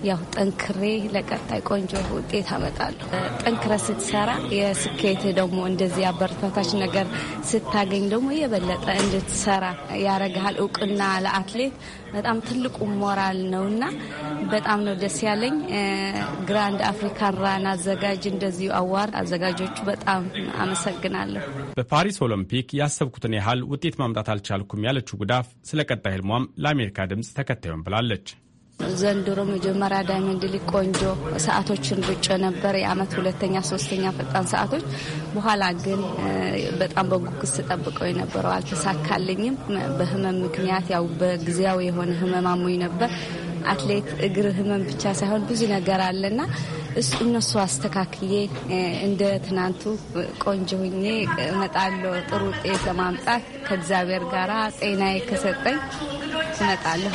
ያው ጠንክሬ ለቀጣይ ቆንጆ ውጤት አመጣለሁ። ጠንክረ ስትሰራ የስኬት ደግሞ እንደዚህ አበረታታች ነገር ስታገኝ ደግሞ የበለጠ እንድትሰራ ያረግሃል። እውቅና ለአትሌት በጣም ትልቁ ሞራል ነው እና በጣም ነው ደስ ያለኝ። ግራንድ አፍሪካን ራን አዘጋጅ እንደዚሁ አዋር አዘጋጆቹ በጣም አመሰግናለሁ። በፓሪስ ኦሎምፒክ ያሰብኩትን ያህል ውጤት ማምጣት አልቻልኩም ያለችው ጉዳፍ ስለ ቀጣይ ህልሟም ለአሜሪካ ድምፅ ተከታዩን ብላለች። ዘንድሮ መጀመሪያ ዳይመንድ ሊግ ቆንጆ ሰዓቶችን ሩጬ ነበር፣ የአመት ሁለተኛ ሶስተኛ ፈጣን ሰዓቶች። በኋላ ግን በጣም በጉጉት ስጠብቀው የነበረው አልተሳካልኝም። በህመም ምክንያት ያው በጊዜያዊ የሆነ ህመም አሞኝ ነበር። አትሌት እግር ህመም ብቻ ሳይሆን ብዙ ነገር አለና እነሱ አስተካክዬ እንደ ትናንቱ ቆንጆ ሁኜ እመጣለሁ። ጥሩ ውጤት ለማምጣት ከእግዚአብሔር ጋር ጤናዬ ከሰጠኝ እመጣለሁ።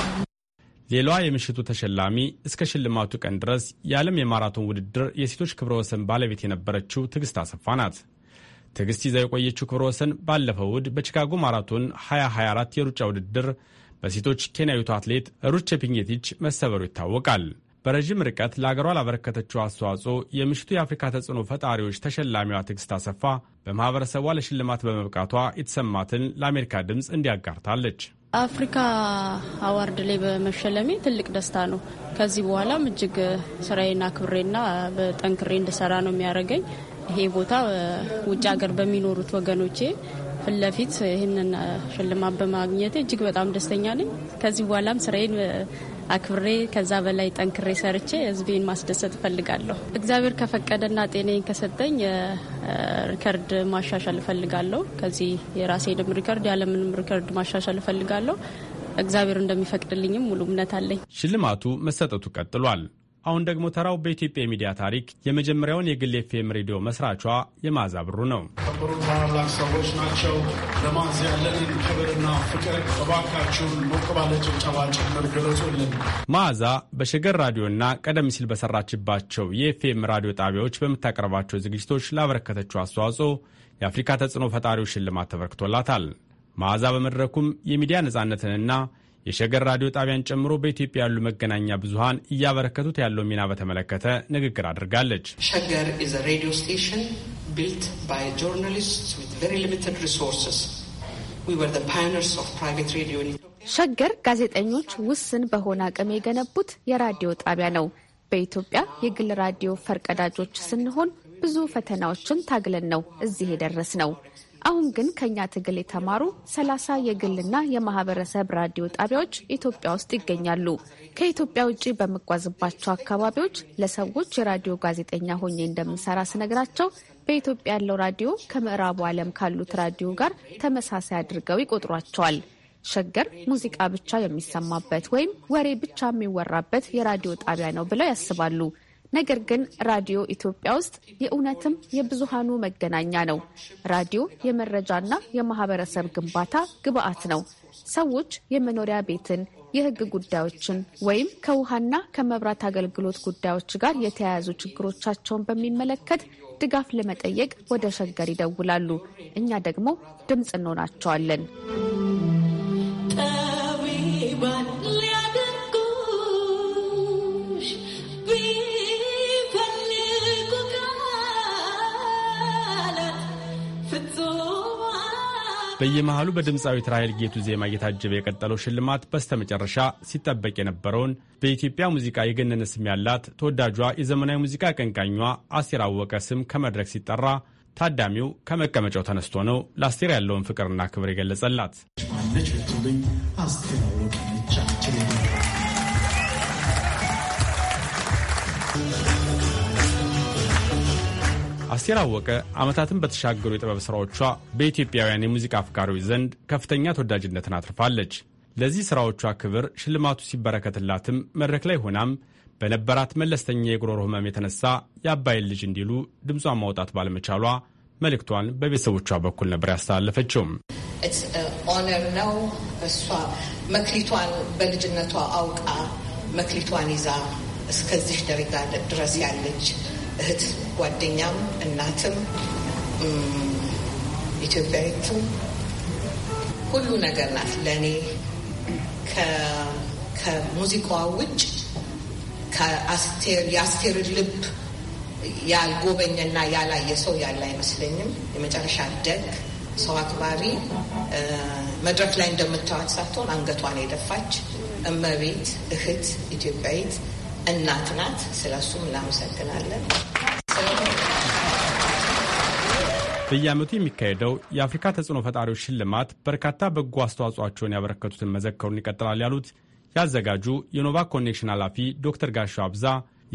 ሌላዋ የምሽቱ ተሸላሚ እስከ ሽልማቱ ቀን ድረስ የዓለም የማራቶን ውድድር የሴቶች ክብረ ወሰን ባለቤት የነበረችው ትዕግስት አሰፋ ናት። ትዕግስት ይዛ የቆየችው ክብረ ወሰን ባለፈው እሁድ በቺካጎ ማራቶን 2024 የሩጫ ውድድር በሴቶች ኬንያዊቱ አትሌት ሩቼ ፒንጌቲች መሰበሩ ይታወቃል። በረዥም ርቀት ለአገሯ ላበረከተችው አስተዋጽኦ የምሽቱ የአፍሪካ ተጽዕኖ ፈጣሪዎች ተሸላሚዋ ትዕግስት አሰፋ በማኅበረሰቧ ለሽልማት በመብቃቷ የተሰማትን ለአሜሪካ ድምፅ እንዲያጋርታለች። አፍሪካ አዋርድ ላይ በመሸለሜ ትልቅ ደስታ ነው። ከዚህ በኋላም እጅግ ስራዬን አክብሬና በጠንክሬ እንድሰራ ነው የሚያደርገኝ። ይሄ ቦታ ውጭ ሀገር በሚኖሩት ወገኖቼ ፊት ለፊት ይህንን ሽልማት በማግኘት እጅግ በጣም ደስተኛ ነኝ። ከዚህ በኋላም ስራዬን አክብሬ ከዛ በላይ ጠንክሬ ሰርቼ ህዝቤን ማስደሰት እፈልጋለሁ። እግዚአብሔር ከፈቀደና ጤናዬን ከሰጠኝ ሪከርድ ማሻሻል እፈልጋለሁ። ከዚህ የራሴንም ሪከርድ ያለምንም ሪከርድ ማሻሻል እፈልጋለሁ። እግዚአብሔር እንደሚፈቅድልኝም ሙሉ እምነት አለኝ። ሽልማቱ መሰጠቱ ቀጥሏል። አሁን ደግሞ ተራው በኢትዮጵያ የሚዲያ ታሪክ የመጀመሪያውን የግል ኤፍኤም ሬዲዮ መስራቿ የመዓዛ ብሩ ነው። ከበሩ ታላላቅ ሰዎች ናቸው። ለማዝ ያለንን ክብርና ፍቅር እባካችሁን ሞቅ ባለ ጭብጨባ ጭምር ግለጹልን። መዓዛ በሸገር ራዲዮና ቀደም ሲል በሰራችባቸው የኤፍኤም ራዲዮ ጣቢያዎች በምታቀርባቸው ዝግጅቶች ላበረከተችው አስተዋጽኦ የአፍሪካ ተጽዕኖ ፈጣሪው ሽልማት ተበርክቶላታል። ማዛ በመድረኩም የሚዲያ ነጻነትንና የሸገር ራዲዮ ጣቢያን ጨምሮ በኢትዮጵያ ያሉ መገናኛ ብዙሀን እያበረከቱት ያለው ሚና በተመለከተ ንግግር አድርጋለች። ሸገር ኢዝ አ ሬዲዮ ስቴሽን ቢልት ባይ ጆርናሊስትስ ዊዝ ቬሪ ሊሚትድ ሪሶርስስ ዊ ወር ዘ ፓዮኒርስ ኦፍ ፕራይቬት ሬዲዮ ሸገር ጋዜጠኞች ውስን በሆነ አቅም የገነቡት የራዲዮ ጣቢያ ነው። በኢትዮጵያ የግል ራዲዮ ፈርቀዳጆች ስንሆን ብዙ ፈተናዎችን ታግለን ነው እዚህ የደረስ ነው። አሁን ግን ከኛ ትግል የተማሩ ሰላሳ የግልና የማህበረሰብ ራዲዮ ጣቢያዎች ኢትዮጵያ ውስጥ ይገኛሉ። ከኢትዮጵያ ውጭ በምጓዝባቸው አካባቢዎች ለሰዎች የራዲዮ ጋዜጠኛ ሆኜ እንደምሰራ ስነግራቸው በኢትዮጵያ ያለው ራዲዮ ከምዕራቡ ዓለም ካሉት ራዲዮ ጋር ተመሳሳይ አድርገው ይቆጥሯቸዋል። ሸገር ሙዚቃ ብቻ የሚሰማበት ወይም ወሬ ብቻ የሚወራበት የራዲዮ ጣቢያ ነው ብለው ያስባሉ። ነገር ግን ራዲዮ ኢትዮጵያ ውስጥ የእውነትም የብዙሃኑ መገናኛ ነው። ራዲዮ የመረጃና የማህበረሰብ ግንባታ ግብአት ነው። ሰዎች የመኖሪያ ቤትን፣ የህግ ጉዳዮችን ወይም ከውሃና ከመብራት አገልግሎት ጉዳዮች ጋር የተያያዙ ችግሮቻቸውን በሚመለከት ድጋፍ ለመጠየቅ ወደ ሸገር ይደውላሉ። እኛ ደግሞ ድምፅ እንሆናቸዋለን። በየመሃሉ በድምፃዊት ትራይል ጌቱ ዜማ እየታጀበ የቀጠለው ሽልማት በስተመጨረሻ ሲጠበቅ የነበረውን በኢትዮጵያ ሙዚቃ የገነነ ስም ያላት ተወዳጇ የዘመናዊ ሙዚቃ አቀንቃኟ አስቴር አወቀ ስም ከመድረክ ሲጠራ ታዳሚው ከመቀመጫው ተነስቶ ነው ለአስቴር ያለውን ፍቅርና ክብር የገለጸላት። አስቴር አወቀ ዓመታትን በተሻገሩ የጥበብ ሥራዎቿ በኢትዮጵያውያን የሙዚቃ አፍቃሪዎች ዘንድ ከፍተኛ ተወዳጅነትን አትርፋለች። ለዚህ ሥራዎቿ ክብር ሽልማቱ ሲበረከትላትም መድረክ ላይ ሆናም በነበራት መለስተኛ የጉሮሮ ሕመም የተነሳ የአባይን ልጅ እንዲሉ ድምጿን ማውጣት ባለመቻሏ መልእክቷን በቤተሰቦቿ በኩል ነበር ያስተላለፈችውም። ኦነር ነው። እሷ መክሊቷን በልጅነቷ አውቃ መክሊቷን ይዛ እስከዚህ ደረጃ ድረስ ያለች እህት ጓደኛም እናትም ኢትዮጵያዊቱም ሁሉ ነገር ናት። ለእኔ ከሙዚቃዋ ውጭ የአስቴርን ልብ ያልጎበኘና ያላየ ሰው ያለ አይመስለኝም። የመጨረሻ ደግ ሰው አክባሪ፣ መድረክ ላይ እንደምታዋት ሳትሆን አንገቷን የደፋች እመቤት፣ እህት፣ ኢትዮጵያዊት እናት ናት። ስለ እሱም እናመሰግናለን። በየዓመቱ የሚካሄደው የአፍሪካ ተጽዕኖ ፈጣሪዎች ሽልማት በርካታ በጎ አስተዋጽኦቸውን ያበረከቱትን መዘከሩን ይቀጥላል ያሉት ያዘጋጁ የኖቫ ኮኔክሽን ኃላፊ ዶክተር ጋሻው አብዛ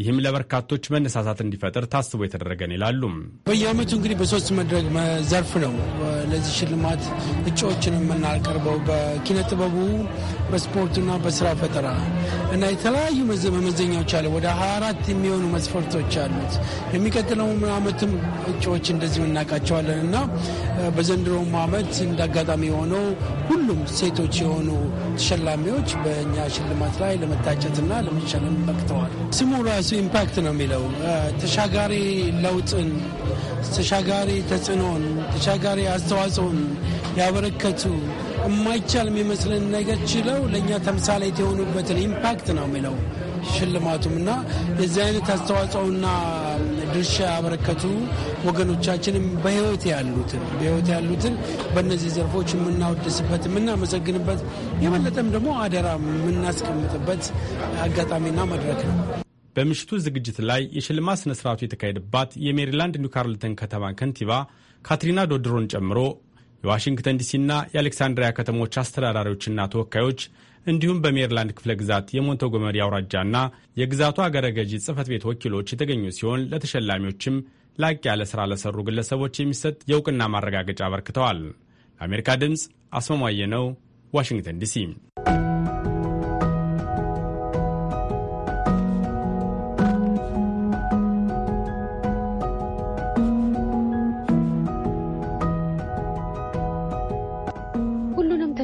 ይህም ለበርካቶች መነሳሳት እንዲፈጥር ታስቦ የተደረገ ነው ይላሉም። እንግዲህ በሶስት መድረክ ዘርፍ ነው ለዚህ ሽልማት እጩዎችን የምናቀርበው በኪነ ጥበቡ፣ በስፖርቱና በስራ ፈጠራ እና የተለያዩ መመዘኛዎች አለ። ወደ 24 የሚሆኑ መስፈርቶች አሉት። የሚቀጥለው ዓመትም እጩዎች እንደዚሁ እናውቃቸዋለን እና በዘንድሮም ዓመት እንዳጋጣሚ የሆነው ሁሉም ሴቶች የሆኑ ተሸላሚዎች በእኛ ሽልማት ላይ ለመታጨትና ለመሸለም በቅተዋል። ስሙ ራሱ የራሱ ኢምፓክት ነው የሚለው ተሻጋሪ ለውጥን፣ ተሻጋሪ ተጽዕኖን፣ ተሻጋሪ አስተዋጽኦን ያበረከቱ የማይቻል የሚመስልን ነገር ችለው ለእኛ ተምሳሌት የሆኑበትን ኢምፓክት ነው የሚለው ሽልማቱም እና የዚህ አይነት አስተዋጽኦና ድርሻ ያበረከቱ ወገኖቻችንም በህይወት ያሉትን በህይወት ያሉትን በእነዚህ ዘርፎች የምናወድስበት የምናመሰግንበት የበለጠም ደግሞ አደራ የምናስቀምጥበት አጋጣሚና መድረክ ነው። በምሽቱ ዝግጅት ላይ የሽልማት ስነ ስርዓቱ የተካሄደባት የሜሪላንድ ኒውካርልተን ከተማ ከንቲባ ካትሪና ዶድሮን ጨምሮ የዋሽንግተን ዲሲና የአሌክሳንድሪያ ከተሞች አስተዳዳሪዎችና ተወካዮች እንዲሁም በሜሪላንድ ክፍለ ግዛት የሞንቶጎመሪ አውራጃና የግዛቱ አገረ ገዢ ጽህፈት ቤት ወኪሎች የተገኙ ሲሆን ለተሸላሚዎችም ላቅ ያለ ስራ ለሰሩ ግለሰቦች የሚሰጥ የእውቅና ማረጋገጫ አበርክተዋል። ለአሜሪካ ድምፅ አስማማየ ነው፣ ዋሽንግተን ዲሲ።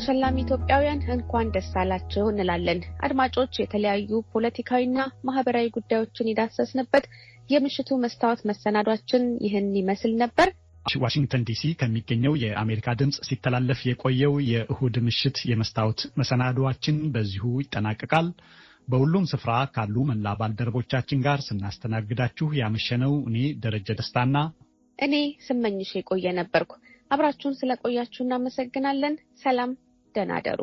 ተሸላሚ ኢትዮጵያውያን እንኳን ደስ አላችሁ እንላለን። አድማጮች፣ የተለያዩ ፖለቲካዊና ማህበራዊ ጉዳዮችን የዳሰስንበት የምሽቱ መስታወት መሰናዷችን ይህን ይመስል ነበር። ዋሽንግተን ዲሲ ከሚገኘው የአሜሪካ ድምፅ ሲተላለፍ የቆየው የእሁድ ምሽት የመስታወት መሰናዷችን በዚሁ ይጠናቀቃል። በሁሉም ስፍራ ካሉ መላ ባልደረቦቻችን ጋር ስናስተናግዳችሁ ያመሸነው እኔ ደረጀ ደስታና እኔ ስመኝሽ የቆየ ነበርኩ። አብራችሁን ስለቆያችሁ እናመሰግናለን። ሰላም፣ ደህና ደሩ።